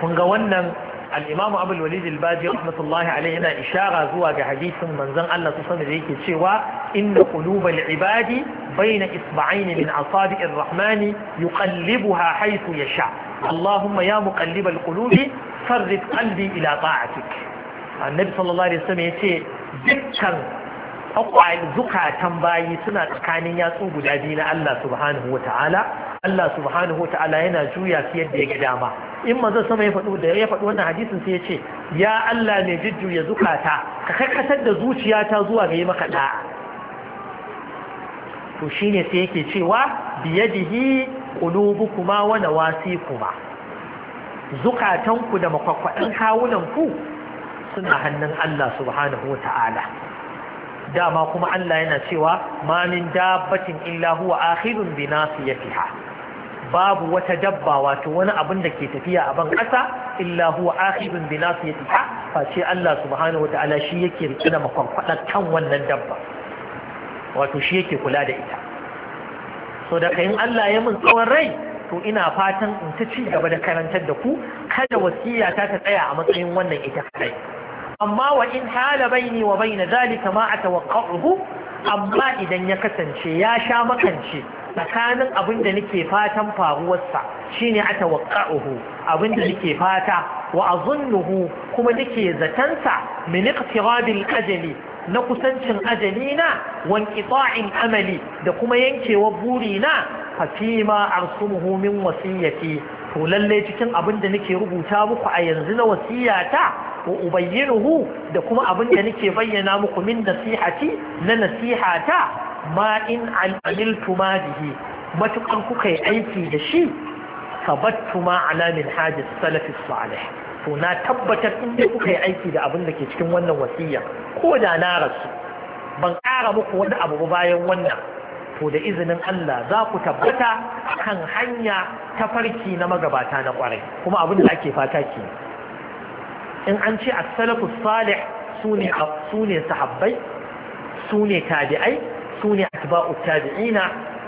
kun ga wannan al'imamu abul walid al-baji rahmatullahi alaihi yana ishara zuwa ga hadisin manzon Allah su sami da yake cewa inna kulubal ibadi baina isba'ain min asabi'ir rahmani yuqallibuha ya yasha Allahumma ya muqallibal kulubi farrid qalbi ila ta'atik annabi sallallahu alaihi wasallam ce dukkan zukatan bayi suna tsakanin yatsu guda biyu na Allah subhanahu wa ta'ala Allah subhanahu wa ta'ala yana juya su yadda ya ga dama in manzon sama ya faɗo da ya faɗo wannan hadisin sai ya ce ya Allah mai jujjuya zukata ka kakkatar da zuciyata zuwa ga yi maka da to shine sai yake cewa biyadihi qulubukuma wa nawasikuma zukatanku da makwakwadan ku suna hannun Allah subhanahu wa ta'ala dama kuma Allah yana cewa ma min dabbatin illa huwa akhirun bi nasiyatiha babu wata dabba wato wani abin da ke tafiya a ban ƙasa illa huwa akhirun bi nasiyatiha face Allah subhanahu ta'ala shi yake rike da kan wannan dabba wato shi yake kula da ita so da kayan Allah ya mun tsawon rai to ina fatan in ta ci gaba da karantar da ku kada wasiya ta ta tsaya a matsayin wannan ita kai amma wa in hala baini wa baina zalika ma atawaqqa'uhu amma idan ya kasance ya sha makance tsakanin abin da nake fatan faruwarsa shine atawaqqa'uhu abin da nake fata wa azunnuhu kuma nake zatansa min iqtirabil ajali na kusancin ajali na wan qita'in amali da kuma yankewar buri na fa fi ma arsumuhu min to lallai cikin abin da nake rubuta muku a yanzu na wasiyata wa ubayyinuhu da kuma abin da nake bayyana muku min nasihati na nasihata ma in amiltu ma bihi matukan kuka yi aiki da shi sabattu ma ala min hajji salafi salih to na tabbatar in kuka yi aiki da abin da ke cikin wannan wasiya ko da na rasu ban ƙara muku wani abu bayan wannan to da izinin Allah za ku tabbata kan hanya ta farki na magabata na kwarai kuma abin da ake fata ke in an ce as-salafus salih sune sune sahabbai sune tabi'ai sune atba'ut tabi'ina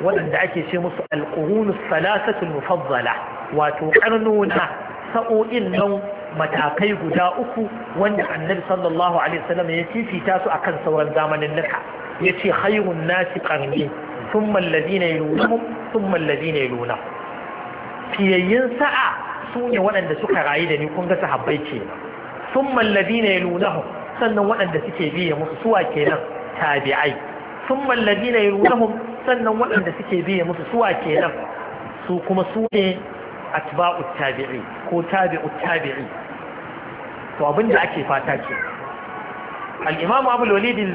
waɗanda ake ce musu al-qurunus salasatul mufaddala wato karnona sa'o'in nan matakai guda uku wanda annabi sallallahu alaihi wasallam ya fifita su akan sauran zamanin nika yace khayrun nasi qarni sun mallazi ne lunahun sun mallazi ne lunahun fiyayyin sa'a su ne waɗanda suka rayu da ni kun ga sahabbai ke sun mallazi ne lunahun sannan waɗanda suke biye musu suwa ke nan tabi'ai sun mallazi ne lunahun sannan waɗanda suke biye musu suwa ke nan su kuma su ne atba'u tabi'i ko tabi'u tabi'i to abin da ake fata ke al imamu abul walid al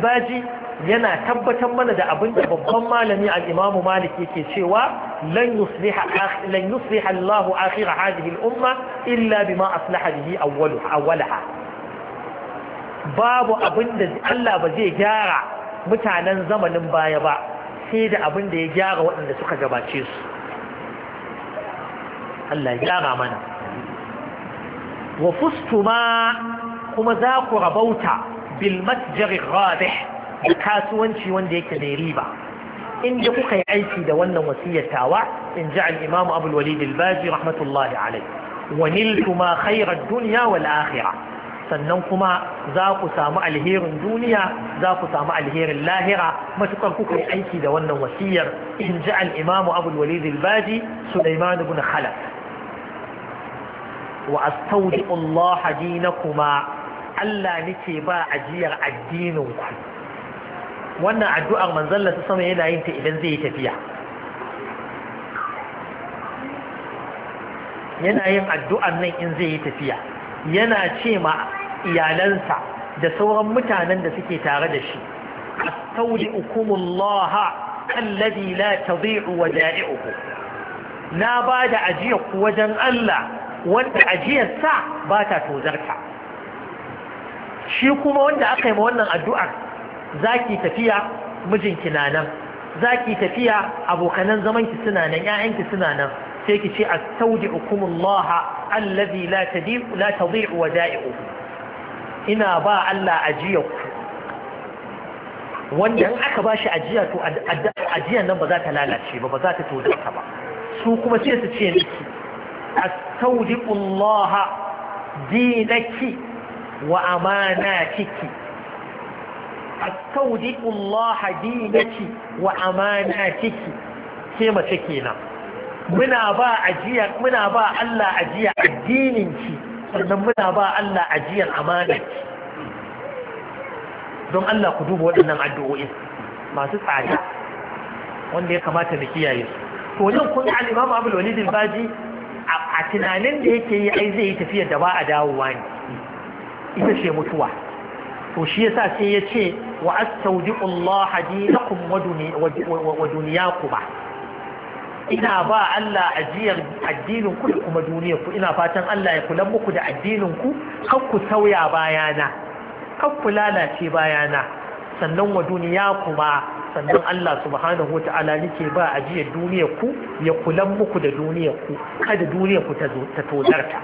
yana tabbatar mana da abin da babban malami al-Imam Malik yake cewa lan yusliha lan yusliha Allah akhir hadhihi al-umma illa bima aslaha bihi awwalaha babu abin da Allah ba zai gyara mutanen zamanin baya ba sai da abin da ya gyara waɗanda suka gabace su Allah ya gyara mana wa fustuma kuma za ku rabauta bil matjar da kasuwanci wanda yake da riba inda kuka yi aiki da wannan wasiyyatawa in ji al'imamu abul walid al-baji rahmatullahi alai wa niltu khairar duniya wal akhira sannan kuma za ku samu alherin duniya za ku samu alherin lahira matukar kuka yi aiki da wannan wasiyar in ji al'imamu abul walid al-baji sulaiman ibn khalaf wa astaudi'u Allah kuma Allah nake ba ajiyar addinin ku wannan addu'ar manzalla ta sama yana yin ta idan zai yi tafiya yana yin addu'ar nan in zai yi tafiya yana ce ma iyalansa da sauran mutanen da suke tare da shi astaudi ukumullaha alladhi la wa wada'i'uhu na bada ajiya wajen Allah wanda ajiyarsa ba ta tozarta shi kuma wanda aka yi ma wannan addu'ar Za ki tafiya mijinki na nan za ki tafiya abokanan zamanki suna nan ƴaƴanki suna nan sai ki ce astaudi'ukumullah allazi la tadi'u la wa wada'i'u ina ba Allah ajiyar ku wanda in aka bashi ajiya to ajiyar nan ba za ta lalace ba ba za ta tozarta ba su kuma sai su ce miki astaudi'ullaha dinaki wa amana kiki. astaudiqu Allah dinaki wa amanatiki sai mace kenan muna ba ajiya muna ba Allah ajiya addininki sannan muna ba Allah ajiyan amana don Allah ku duba waɗannan addu'o'in masu tsada wanda ya kamata da kiyaye su to nan kun al-Imam Abdul Walid al-Baji a tunanin da yake yi ai zai yi tafiyar da ba a dawowa ne ita ce mutuwa to shi sa sai ya ce wa astaudiqu Allah dinakum wa ba. ina ba Allah ajiyar addininku da kuma duniyarku. ina fatan Allah ya kula muku da addinin ku ku sauya bayana Kan ku lalace bayana sannan wa kuma sannan Allah subhanahu ta'ala nake ba ajiyar duniyar ku ya kula muku da duniyar ku kada duniyar ku ta tozarta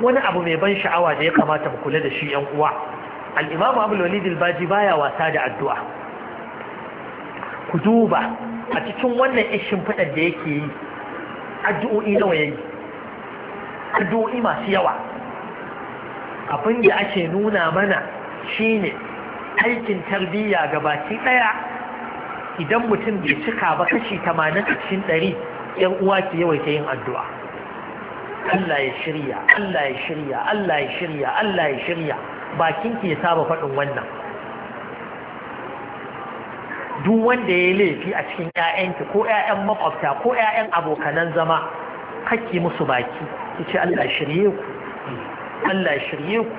wani abu mai ban sha'awa da ya kamata mu kula da shi yan uwa al-imamu abul walid al-baji baya wasa da addu'a ku duba a cikin wannan ishin fadar da yake yi addu'o'i nawa yi, addu'o'i masu yawa abin da ake nuna mana shine aikin tarbiyya ga baki ɗaya idan mutum bai cika ba kashi 80 cikin 100 yan uwa ke yawaita yin addu'a Allah ya shirya Allah ya shirya Allah ya shirya Allah ya shirya bakin ki ya saba faɗin wannan duk wanda ya laifi a cikin 'ya'yanki ko 'ya'yan makwabta ko 'ya'yan abokanan zama kake musu baki ce Allah shirye ku Allah shirye ku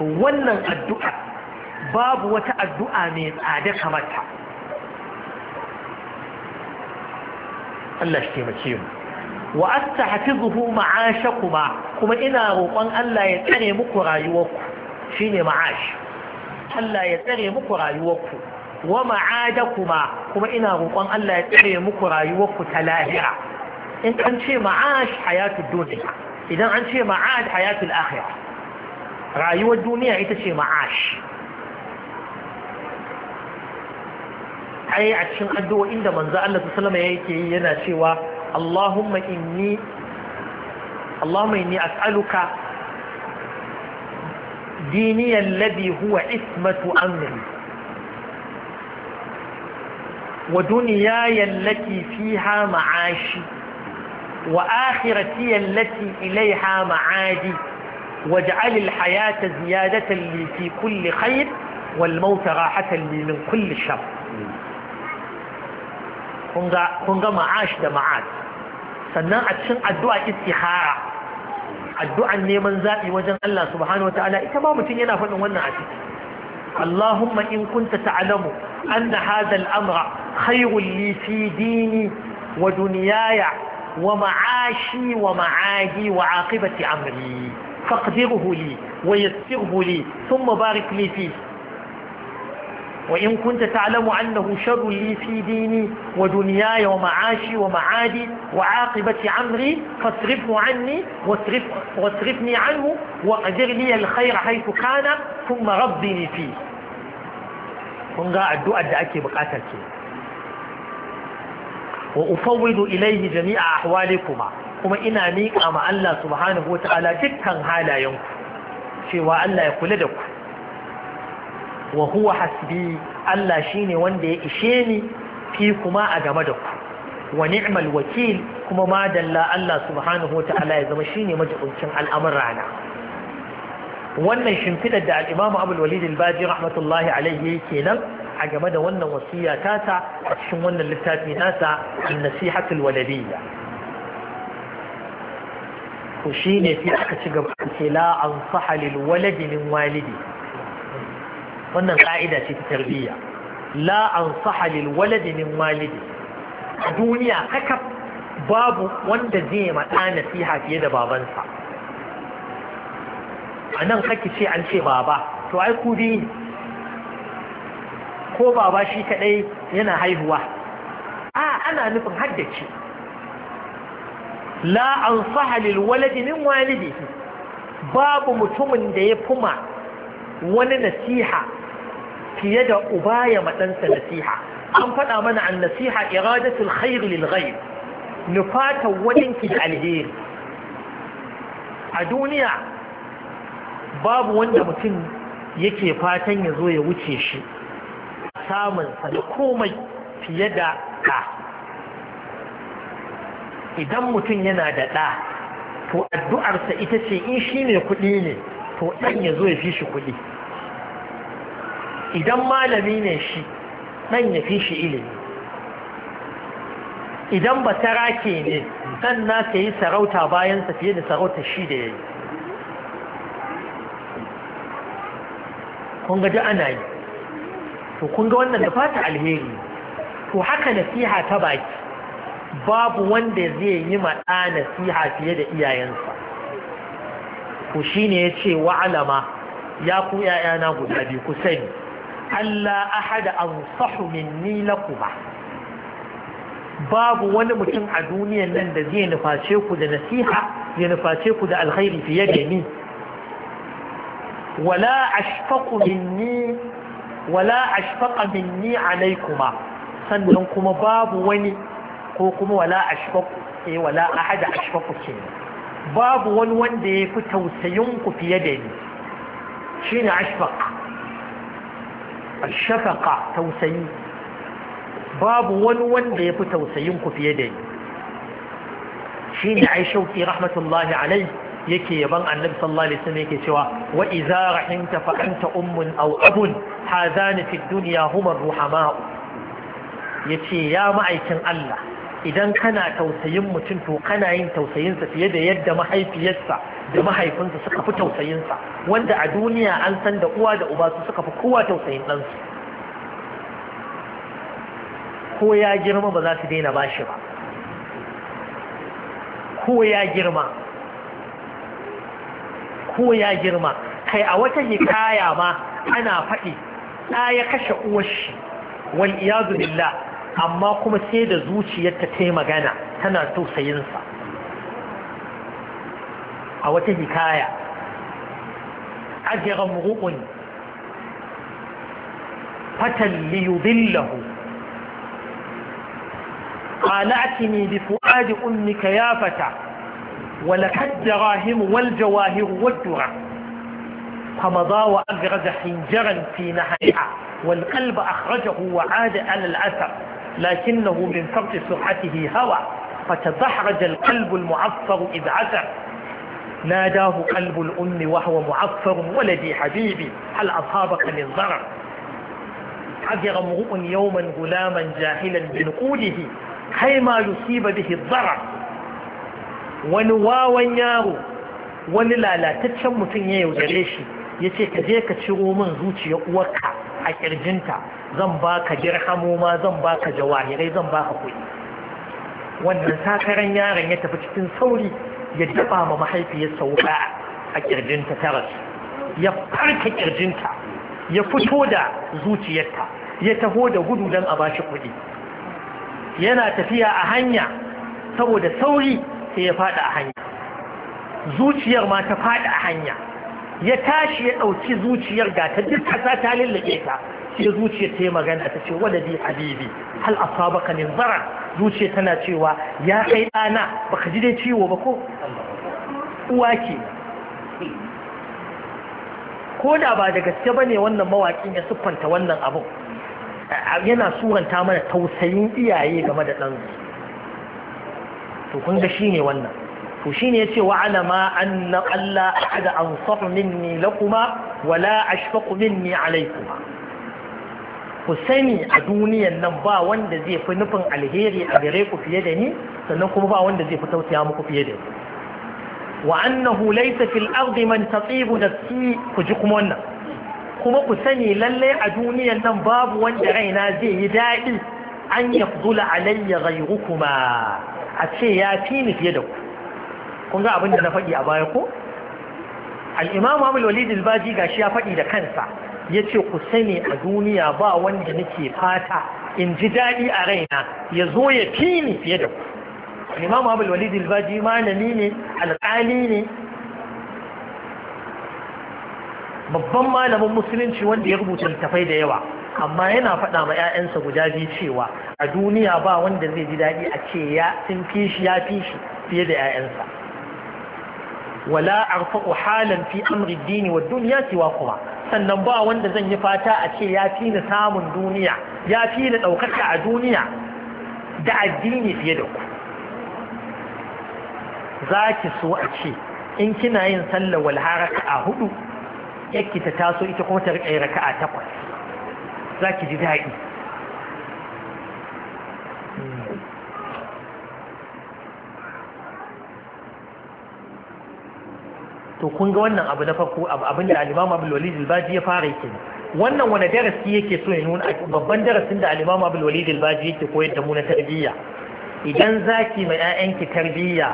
to wannan addu'a babu wata addu'a mai tsada kamata. Allah shi taimake mu wa zuhu ma'ashakuma kuma kuma ina roƙon Allah ya tsare muku rayuwarku shine ma'ash Allah ya tsare muku rayuwarku wa ma'ada kuma kuma ina roƙon Allah ya tsare muku rayuwarku ta lahira in an ce ma'ash hayatul dunya idan an ce ma'ad hayatul akhirah rayuwar duniya ita ce ma'ash ai a cikin addu'o'in da manzo Allah sallallahu alaihi wasallam yake yi yana cewa اللهم إني اللهم إني أسألك ديني الذي هو عصمة أمري ودنياي التي فيها معاشي وآخرتي التي إليها معادي واجعل الحياة زيادة لي في كل خير والموت راحة لي من كل شر كنغا معاش ده معاد sannan a cikin addu'a istihara addu'an neman zaɓi wajen Allah subhanahu wa ta'ala ita ma mutum yana faɗin wannan a ciki Allahumma in kunta ta'lamu an na al-amra khairun li fi dini wa duniyaya wa ma'ashi wa ma'agi wa aqibati amri faqdirhu li wa yassirhu li thumma barik li fihi وإن كنت تعلم أنه شر لي في ديني ودنياي ومعاشي ومعادي وعاقبة عمري فاصرفه عني واصرف واصرفني عنه واقدر لي الخير حيث كان ثم ربني فيه ونقع الدعاء الدعاكي بقاتلك وأفوض إليه جميع أحوالكما kuma ina miƙa ma Allah subhanahu wa ta'ala dukkan halayenku cewa Allah ya kula da ku wa huwa hasbi Allah shine wanda ya ishe ni fi kuma a game da ku wa ni'mal wakil kuma ma Allah subhanahu wa ta'ala ya zama shine majibincin al'amurana wannan shimfidar da al-Imam Abu al-Walid al-Baji rahmatullahi alayhi kenan a game da wannan wasiya tata a cikin wannan littafi nasa an-nasihatul waladiyya to shine fi aka ci gaba la ansaha lil waladi min walidi wannan ƙa'ida ce ta tarbiyya la ansaha lil waladi min walidi a duniya haka babu wanda zai ma ɗa nasiha fiye da babansa a nan kake ce an ce baba to ai ku dai ko baba shi kaɗai yana haihuwa a ana nufin haddace la ansaha lil waladi min walidihi babu mutumin da ya fuma wani nasiha fiye da uba ya maɗansa nasiha an faɗa mana an nasiha iradatul khair lil ghaib nufatan alheri a duniya babu wanda mutum yake fatan ya zo ya wuce shi samunsa da komai fiye da ɗa idan mutum yana da ɗa to addu'arsa ita ce in shi ne kuɗi ne to ɗan ya zo ya fi shi kuɗi idan malami ne shi ɗan ya fi shi ilimi idan ba ke ne ɗan na ka yi sarauta bayansa fiye da sarauta shi da ya yi kun ji ana yi to kun ga wannan da fata alheri to haka nasiha ta baki babu wanda zai yi maɗa nasiha fiye da iyayensa ku shi ne ya ce wa'alama ya ku ‘ya'yana guda biyu ku sani Allah ahada ansahu minni lakuma babu wani mutum a duniyan nan da zai nuface ku da nasiha ya nuface ku da alkhairi fiye da ni wala ashfaqu minni wala ashfaqa minni alaykuma sannan kuma babu wani ko kuma wala ashfaqu eh wala ahada ashfaqu ke? babu wani wanda ya fi tausayin ku fiye da ni shine ashfaq shafaka tausayi babu wani wanda ya fi tausayin ku fiye da ni shine ai shauki rahmatullahi alai yake yaban annabi sallallahu alaihi wasallam yake cewa wa idza rahimta fa anta ummun aw abun hadani fi dunya huma yace ya ma'aikin Allah idan kana tausayin mutum to kana yin tausayin sa fiye da yadda mahaifiyarsa da mahaifinsa suka fi tausayinsa wanda a duniya an san da uwa da uba su suka fi kowa tausayin ɗansu ko ya girma ba za su daina ba shi ba ko ya girma ko ya girma kai a wata hikaya ma ana faɗi ɗa ya kashe uwashi wal iyadu billah amma kuma sai da zuciyarta ta yi magana tana tausayinsa a wata hikaya ajira muru'un fatan liyudillahu قال أتني بفؤاد أمك يا فتى ولك الدراهم والجواهر والدرع فمضى وأبرز حنجرا في نهرها والقلب أخرجه وعاد على الأثر لكنه من فرط سرعته هوى فتدحرج القلب المعصر إذ عثر ناداه قلب الأم وهو معفر ولدي حبيبي هل أصابك من ضرر حذر امرؤ يوما غلاما جاهلا بنقوله كيما يصيب به الضرر ونواوا يارو wani lalataccen mutum ya yaudare shi ya ce ka je ka ciro min zuciyar uwarka a kirjinta zan baka ma zan baka jawahirai zan baka kuɗi wannan sakaran yaron ya tafi cikin sauri ya daba ma mahaifiyarsa wuka a kirjinta taras. ya farka kirjinta ya fito da zuciyarta ya taho da gudu don a bashi kuɗi yana tafiya a hanya saboda sauri sai ya fada a hanya zuciyar ma ta fada a hanya ya tashi ya ɗauki zuciyar ga ta duk kasa ta lallake ta sai zuciyar ta yi magana ta ce waladi habibi hal asabaka min zarar zuciya tana cewa ya kai ɗana ka ji dai ciwo ba ko uwa ke ko da ba da gaske ba ne wannan mawaƙin ya siffanta wannan abu yana suranta mana tausayin iyaye game da ɗansu to kun ga shi ne wannan to shi ne ya ce wa'ana ma an na Allah a da an minni lakuma wala ne minni alaikuma ku sani a duniyan nan ba wanda zai fi nufin alheri a gare ku fiye da ni sannan kuma ba wanda zai fi tausaya muku fiye da ni wa annahu laysa fil ardi man taqibu nafsi ku ji kuma wannan kuma ku sani lalle a duniyan nan babu wanda raina zai yi daɗi an yafdula alayya ghayrukuma a ce ya fi ni fiye da ku kun ga abin da na faɗi a baya ko al-imam Abdul Walid al-Baji gashi ya faɗi da kansa ya ce ku sani a duniya ba wanda nake fata in ji daɗi a raina ya zo ya fi ni fiye da ku imam abul walid malami ne alƙali ne babban malamin musulunci wanda ya rubuta littafai da yawa amma yana faɗa ma 'ya'yansa guda biyu cewa a duniya ba wanda zai ji daɗi a ce ya sun fi shi ya fi shi fiye da 'ya'yansa wala arfa'u halan fi amri dini wa duniya siwa kuma sannan ba wanda zan yi fata a ce ya fi samun duniya ya fi ni ɗaukaka a duniya da addini fiye da ku za ki so a ce in kina yin sallar walharaka a hudu yakki ta taso ita kuma ta riƙa raka'a takwas za ki ji daɗi to kun ga wannan abu na farko abin da al abu Abdul Walid al-Baji ya fara yake wannan wani darasi yake so ya nuna babban darasin da al abu Abdul Walid yake koyar da mu na tarbiyya idan zaki mai yayanki tarbiyya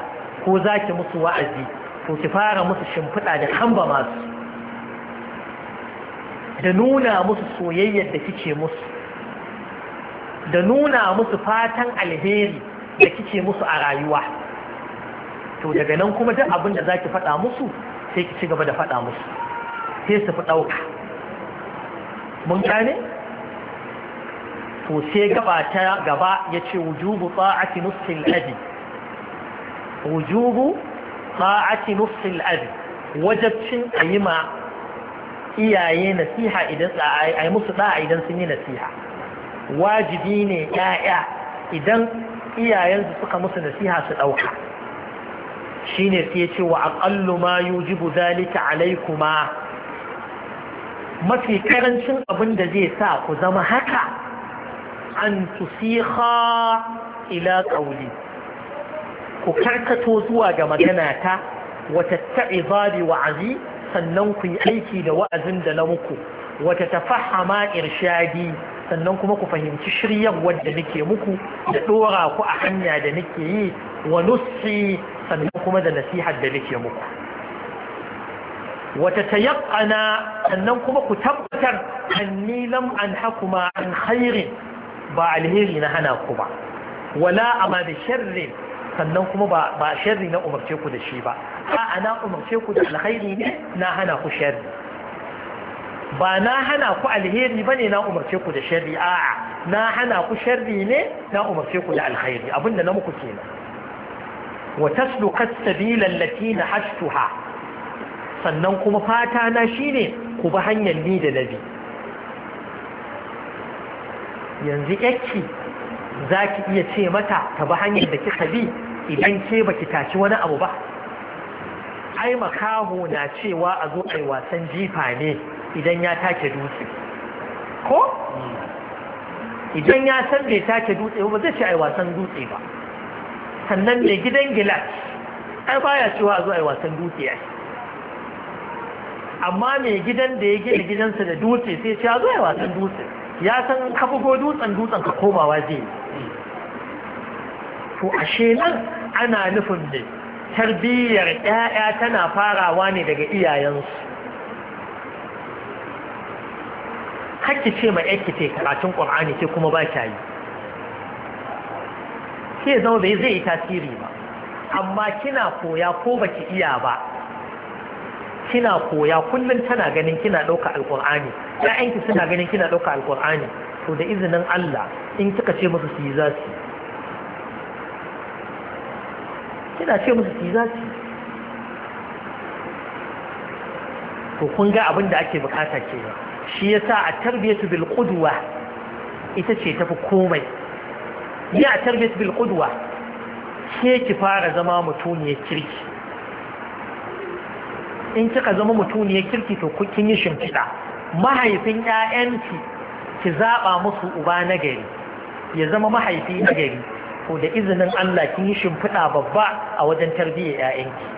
ko zaki musu wa'azi to ki fara musu shimfiɗa da hamba masu da nuna musu soyayyar da kike musu da nuna musu fatan alheri da kike musu a rayuwa to daga nan kuma duk abin da zaki faɗa musu sai ki ci gaba da faɗa musu sai su fi ɗauka mun gane to sai gaba ta gaba ya ce wujubu ta'ati nufsil abi wujubu ta'ati nufsil abi wajabcin a yi ma iyaye nasiha idan a yi musu da'a idan sun yi nasiha wajibi ne ya'ya idan iyayensu suka musu nasiha su ɗauka shine sai ya ce wa aqallu ma yujibu zalika 'Alaikuma'. mafi karancin abin da zai sa ku zama haka an tusiha ila qawli ku karkato zuwa ga magana ta wata ta'ibabi wa'azi sannan ku yi aiki da wa'azin da na muku wata fahama irshadi sannan kuma ku fahimci shiryar wanda nake muku da dora ku a hanya da nake yi wa nusi sannan kuma da nasihar da nake muku wata tayaqqana sannan kuma ku tabbatar hanni lam hakuma an khairi ba alheri na hana ku ba wala amma da sharri sannan kuma ba sharri na umarce ku da shi ba a'a na umarce ku da alkhairi ne na hana ku sharri ba na hana ku alheri ba ne na umarce ku da sharri a'a na hana ku sharri ne na umarce ku da alheri, abinda na muku ke wa tasluqa as-sabila allati sannan kuma fata na shine ku bi hanyar ni da nabi yanzu yake zaki iya ce mata ta bi hanyar da kika bi idan ke baki tashi wani abu ba ai makaho na cewa a zo ai wasan jifa ne idan ya take dutse ko idan ya san bai take dutse ba zai ce ai wasan dutse ba sannan mai gidan gilas ai baya cewa zo ai wasan dutse ai amma mai gidan da ya gina gidansa da dutse sai ce zo ai wasan dutse ya san ka bugo dutsen dutsen ka komawa zai to ashe nan ana nufin ne tarbiyyar 'ya'ya tana farawa ne daga iyayensu hakki ce mai yake ce karatun ƙwar'ani ce kuma ba kya yi ke zama bai zai yi tasiri ba amma kina koya ko baki iya ba kina koya kullum tana ganin kina ɗauka alƙur'ani ƴaƴanki suna ganin kina ɗauka alƙwar'ani to da izinin Allah in kika ce musu su yi za su kina ce musu su yi za su to kun ga abin da ake bukata kenan shi ya sa a tarbiyatu su bilkuduwa, ita ce tafi komai yi a tarbiyatu su bilkuduwa, ke ki fara zama mutuniyar kirki in kika zama mutuniyar kirki to kin yi shimfiɗa mahaifin 'ya'yanki ki zaɓa musu uba na gari ya zama mahaifi na gari to da izinin Allah kin yi shimfiɗa babba a wajen tarbiyyar 'ya'yanki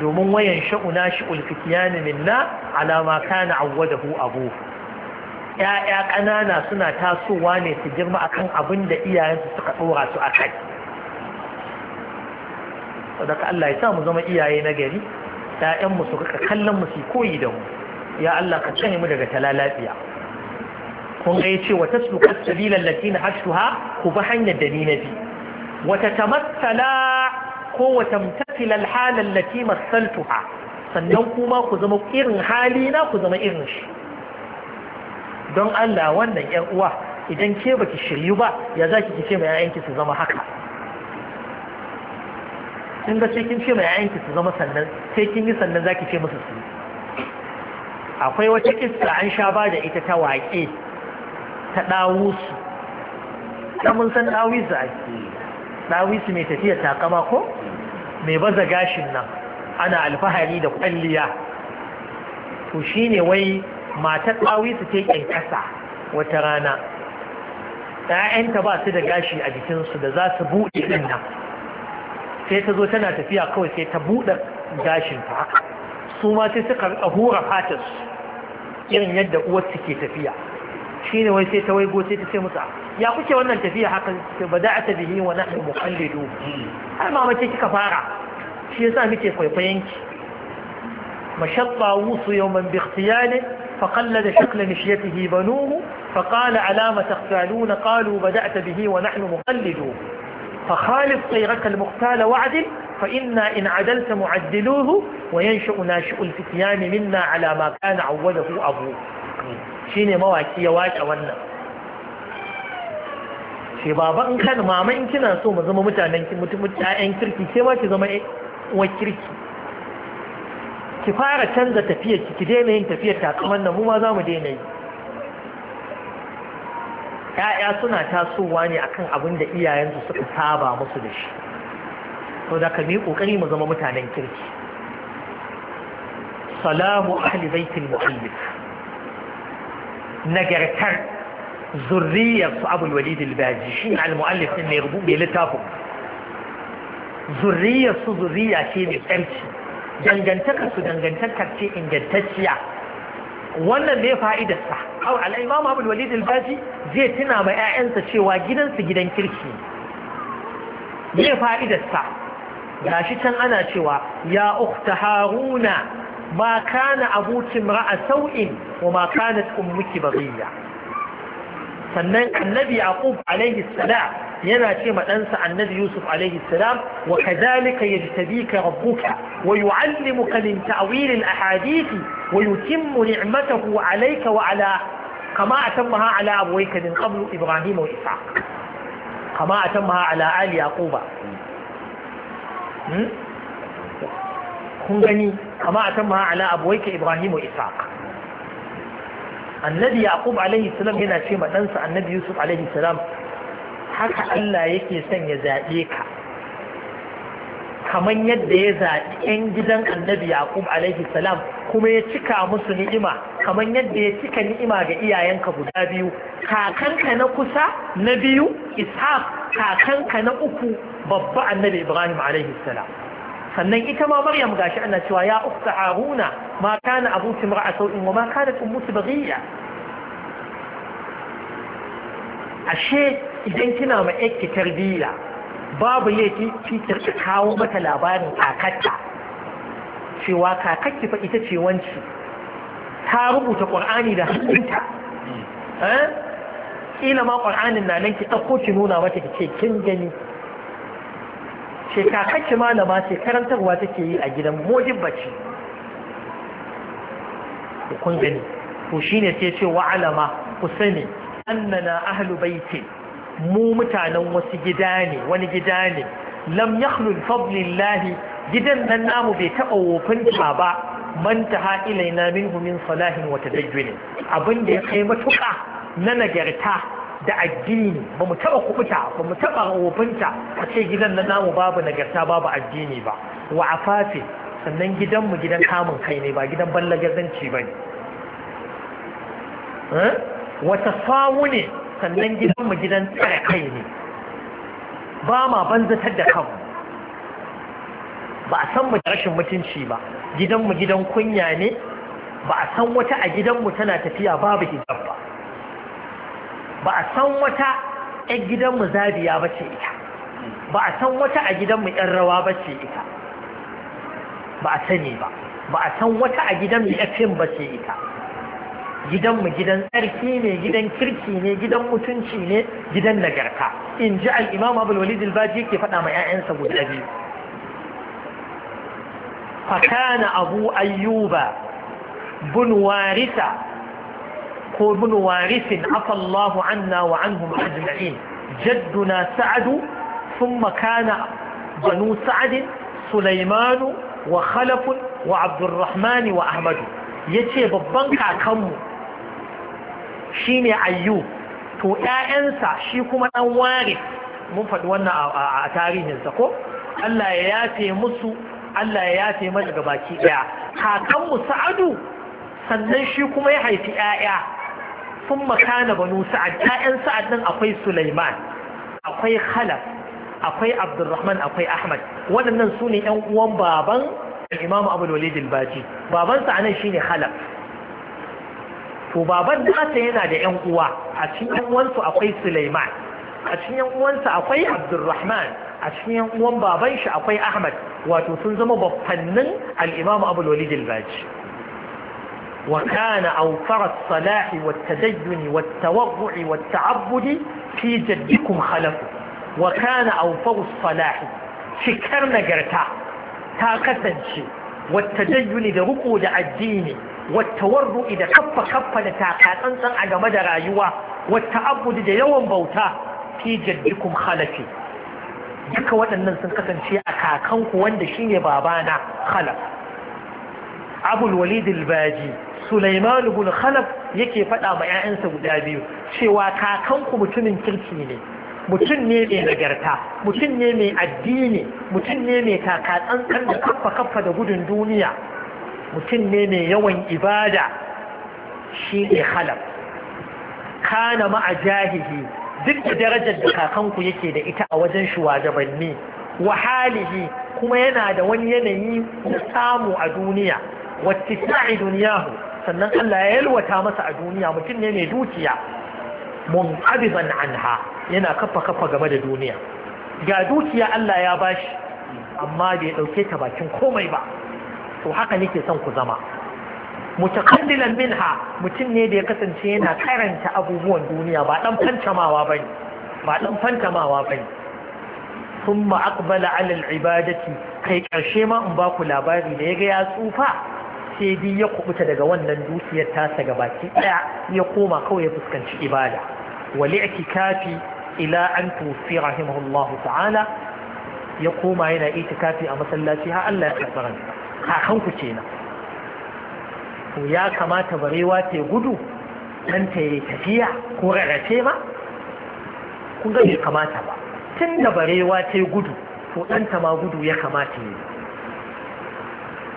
domin wayan sha'una shi'ul fitiyani minna alama kana awwadahu abu ya'ya ƙanana suna tasowa ne su girma akan abin da iyayensu suka ɗora su a kai sadaka Allah ya sa mu zama iyaye na gari mu su kaka kallon mu su koyi da mu ya Allah ka tsane mu daga talalafiya kun ga yace wata su kasabilan latina hashuha ku bi hanyar da ni na bi wata ko wata إلى الحالة التي مثلتها sannan kuma ku zama irin hali na ku zama irin shi don Allah wannan ‘yan uwa idan ke baki shiryu ba ya za ki ce mai ‘ya'yanki su zama haka in ga kin ce mai ‘ya'yanki su zama sannan sai kin yi sannan za ki ce musu su akwai wata kista an sha ba da ita ta waƙe ta ɗawusu ta mun san ɗawisu ake ɗawisu mai tafiya takama ko mai baza gashin nan ana alfahari da kwalliya to shine wai matar ɗawisu ce ƙasa wata rana ‘ya'yanta ba su da gashi a jikinsu da za su buɗe ɗin nan sai ta zo tana tafiya kawai sai ta buɗe gashinta su ma sai suka hura fatarsu irin yadda uwarsu ke tafiya شين ويسيت يقول سيت سيم متعة يا أخي وانا تفي حق بدأت به ونحن مقلدو هل ما متى كفارة شين سام متى في بينك مشى الطاووس يوما باختياله فقلد شكل مشيته بنوه فقال على ما تختالون قالوا بدأت به ونحن مقلدو فخالف طيرك المختال وعدل فإنا إن عدلت معدلوه وينشأ ناشئ الفتيان منا على ما كان عوده أبوه Shi ne mawaki ya waƙe wannan ce baban in kan mama kina so mu zama mutanen mutumin kirki ke ma ki zama uwar kirki ki fara canza tafiyar ki daina yin tafiyar takaman nan mu ma za mu daina yi ‘ya'ya suna tasowa ne akan abin da iyayensu suka saba musu da shi to da ka mi ƙoƙari mu zama mutanen kirki salamu ahli baitul mu'allif nagartar zurriyarsu su abul walid al-baji shi al-muallif din ne rubu bai littafin zurriyar zurriya ce mai tsarki dangantakar su dangantakar ce ingantacciya wannan ne fa'idar sa au al-imam abul al-baji zai tuna ma ƴaƴansa cewa gidansu gidan kirki ne fa'idar sa gashi can ana cewa ya ukhta haruna ما كان أبوك امرأة سوء وما كانت أمك بغية فنن النبي عقوب عليه السلام ينا ما أنسى النبي يوسف عليه السلام وكذلك يجتبيك ربك ويعلمك من تأويل الأحاديث ويتم نعمته عليك وعلى كما أتمها على أبويك من قبل إبراهيم وإسحاق كما أتمها على آل يعقوب kun gani kama a can ala abuwai ka Ibrahimu isaac annabi yaqub alaihi salam yana ce ma ɗansa annabi yusuf alaihi salam haka allah yake son ya zaɓe ka kamar yadda ya zaɓi 'yan gidan annabi yaqub alaihi salam kuma ya cika musu ni'ima kamar yadda ya cika ni'ima ga iyayenka guda biyu kakanka na kusa na biyu ishaq kakanka na uku babba annabi ibrahim alaihi salam sannan ita ma maryam gashi ana cewa ya ukta haruna ma kana abuki mar'a sau'in wa ma kanat ummuki baghiya ashe idan kina ma yakki tarbiyya babu laifi ki ki kawo mata labarin kakatta cewa kakakki fa ita ce wanci ta rubuta qur'ani da hannunta eh kila ma qur'anin na nan ki dauko ki nuna mata ki ce kin gani ce kakacce malama ce karantarwa take yi a gidan modibbaci kun gani ko shine sai ce wa alama ku sani annana ahlu baiti mu mutanen wasu gida ne wani gida ne lam yakhlu fadlillahi gidan nan namu bai taɓa ta ba man taha ilaina minhu min salahin wa tadajjulin abin da ya kai matuƙa na nagarta da addini ba mu taba kubuta ba mu taba wofinta a ce gidan na namu babu nagarta babu addini ba wa afafi sannan gidanmu gidan kamun kai ne ba gidan ballagazanci ba ne wata samu ne sannan gidanmu gidan tsare kai ne ba ma banzatar da kanmu ba a san mu da rashin mutunci ba gidanmu gidan kunya ne ba a san wata a gidanmu tana tafiya babu hijab ba ba a san wata ‘yan gidanmu zabiya ba ce ita ba a san wata a gidanmu ‘yan rawa ba ce ita ba a sani ba ba a san wata a gidanmu ‘yan fim ba ce ita gidanmu gidan tsarki ne gidan kirki ne gidan mutunci ne gidan nagarta in ji al'imam abulwalid albaji ke faɗa ma ‘ya'yansa guda biyu fakana abu ayyuba Bunwarisa. ko bin warisin afallahu anna wa anhum ajma'in jadduna sa'adu thumma kana banu sa'adin sulaimanu wa khalafun wa abdurrahmani wa ahmadu yace babban kakanmu shine ayyu to ƴaƴansa shi kuma dan waris mun faɗi wannan a tarihinsa ko Allah ya yafe musu Allah ya yafe mana ga baki ɗaya kakanmu sa'adu sannan shi kuma ya haifi ‘ya'ya sun makana banu sa'ad ƴaƴan sa'ad nan akwai Suleiman, akwai Khalaf akwai Abdurrahman akwai Ahmad waɗannan su ne 'yan uwan baban Imam Abu Walid al-Baji baban sa anan shine Khalaf to baban nasa yana da 'yan uwa a cikin 'yan uwansu akwai Suleiman, a cikin 'yan uwansa akwai Abdurrahman a cikin 'yan uwan baban shi akwai Ahmad wato sun zama baffannin al-Imam Abu Walid al وكان أوفر الصلاح والتدين والتورع والتعبد في جدكم خلفه وكان أوفر الصلاح شكر نقرتا تاقتن شي والتدين إذا رقو الدين والتورع إذا كف كف لتاقات أنسان أقمد رايوة والتعبد إذا يوم بوتا في جدكم خلفه duka waɗannan sun kasance a kakanku wanda shine babana khalaf abul walid al-baji Sulaiman ibn Khalaf yake faɗa ma ƴaƴansa guda biyu cewa kakanku mutumin kirki ne mutum ne mai nagarta mutum ne mai addini mutum ne mai kaka tsantsan da kaffa kaffa da gudun duniya mutum ne mai yawan ibada shi ne Khalaf kana ma'a jahihi duk da darajar da kakanku yake da ita a wajen shugabanni wahalihi kuma yana da wani yanayi na samu a duniya wata sa'i duniyahu sannan Allah ya yalwata masa a duniya mutum ne mai dukiya munqabidan anha yana kafa kafa game da duniya ga dukiya Allah ya bashi amma bai dauke ta bakin komai ba to haka nake son ku zama mutaqaddilan minha mutum ne da ya kasance yana karanta abubuwan duniya ba dan fantamawa bane ba dan fantamawa bane thumma aqbala ala al-ibadati kai karshe ma in ba ku labari da yaga ya tsufa sai bi ya kubuta daga wannan dukiyar tasa ga baki daya ya koma kawai ya fuskanci ibada wali itikafi ila an tufi rahimahullah ta'ala ya koma yana itikafi a masallaci har Allah ya karɓi ransa kakan kenan to ya kamata barewa ta gudu dan ta yi tafiya ko rarrafe ma kun ga bai kamata ba tun da barewa ta gudu to ɗanta ma gudu ya kamata yi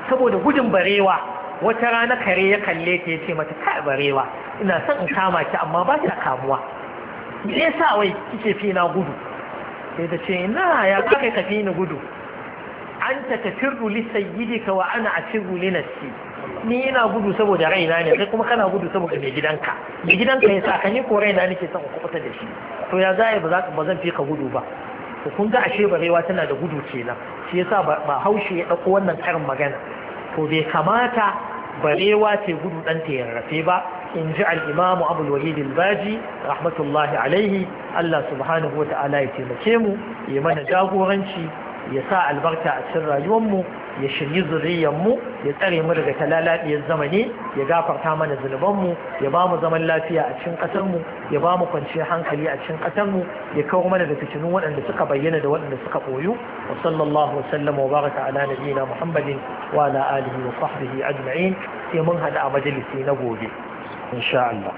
saboda gudun barewa wata rana kare ya kalle ta ya ce mata kai barewa ina son in kama ki amma ba ta kamuwa me yasa wai kike fi na gudu sai ta ce ina ya kai ka fi ni gudu anta tafi li sayyidika wa ana asirru li nafsi ni ina gudu saboda raina ne sai kuma kana gudu saboda mai gidanka mai gidanka ya saka ni ko raina nake son ku kuta da shi to ya zai ba za ba zan fi ka gudu ba to kun ga ashe barewa tana da gudu kenan shi yasa ba haushe ya dauko wannan karin magana to bai kamata barewa ce gudu ɗanta ya rarrafe ba in ji al'imamu abul wahid baji rahmatullahi alaihi Allah subhanahu wa ta'ala ya taimake mu ya mana jagoranci ya sa albarka a cikin rayuwarmu ya shirye mu ya tsare mu daga talalabiyar zamani ya gafarta mana zunubanmu ya ba mu zaman lafiya a cikin ƙasarmu ya ba mu kwanciyar hankali a cikin ƙasarmu ya kawo mana da fitinu waɗanda suka bayyana da waɗanda suka koyu wa sallallahu wasallama wa baraka ala nabiyina muhammadin wa ala alihi wa sahbihi ajma'in sai mun hada a majalisi na gobe insha Allah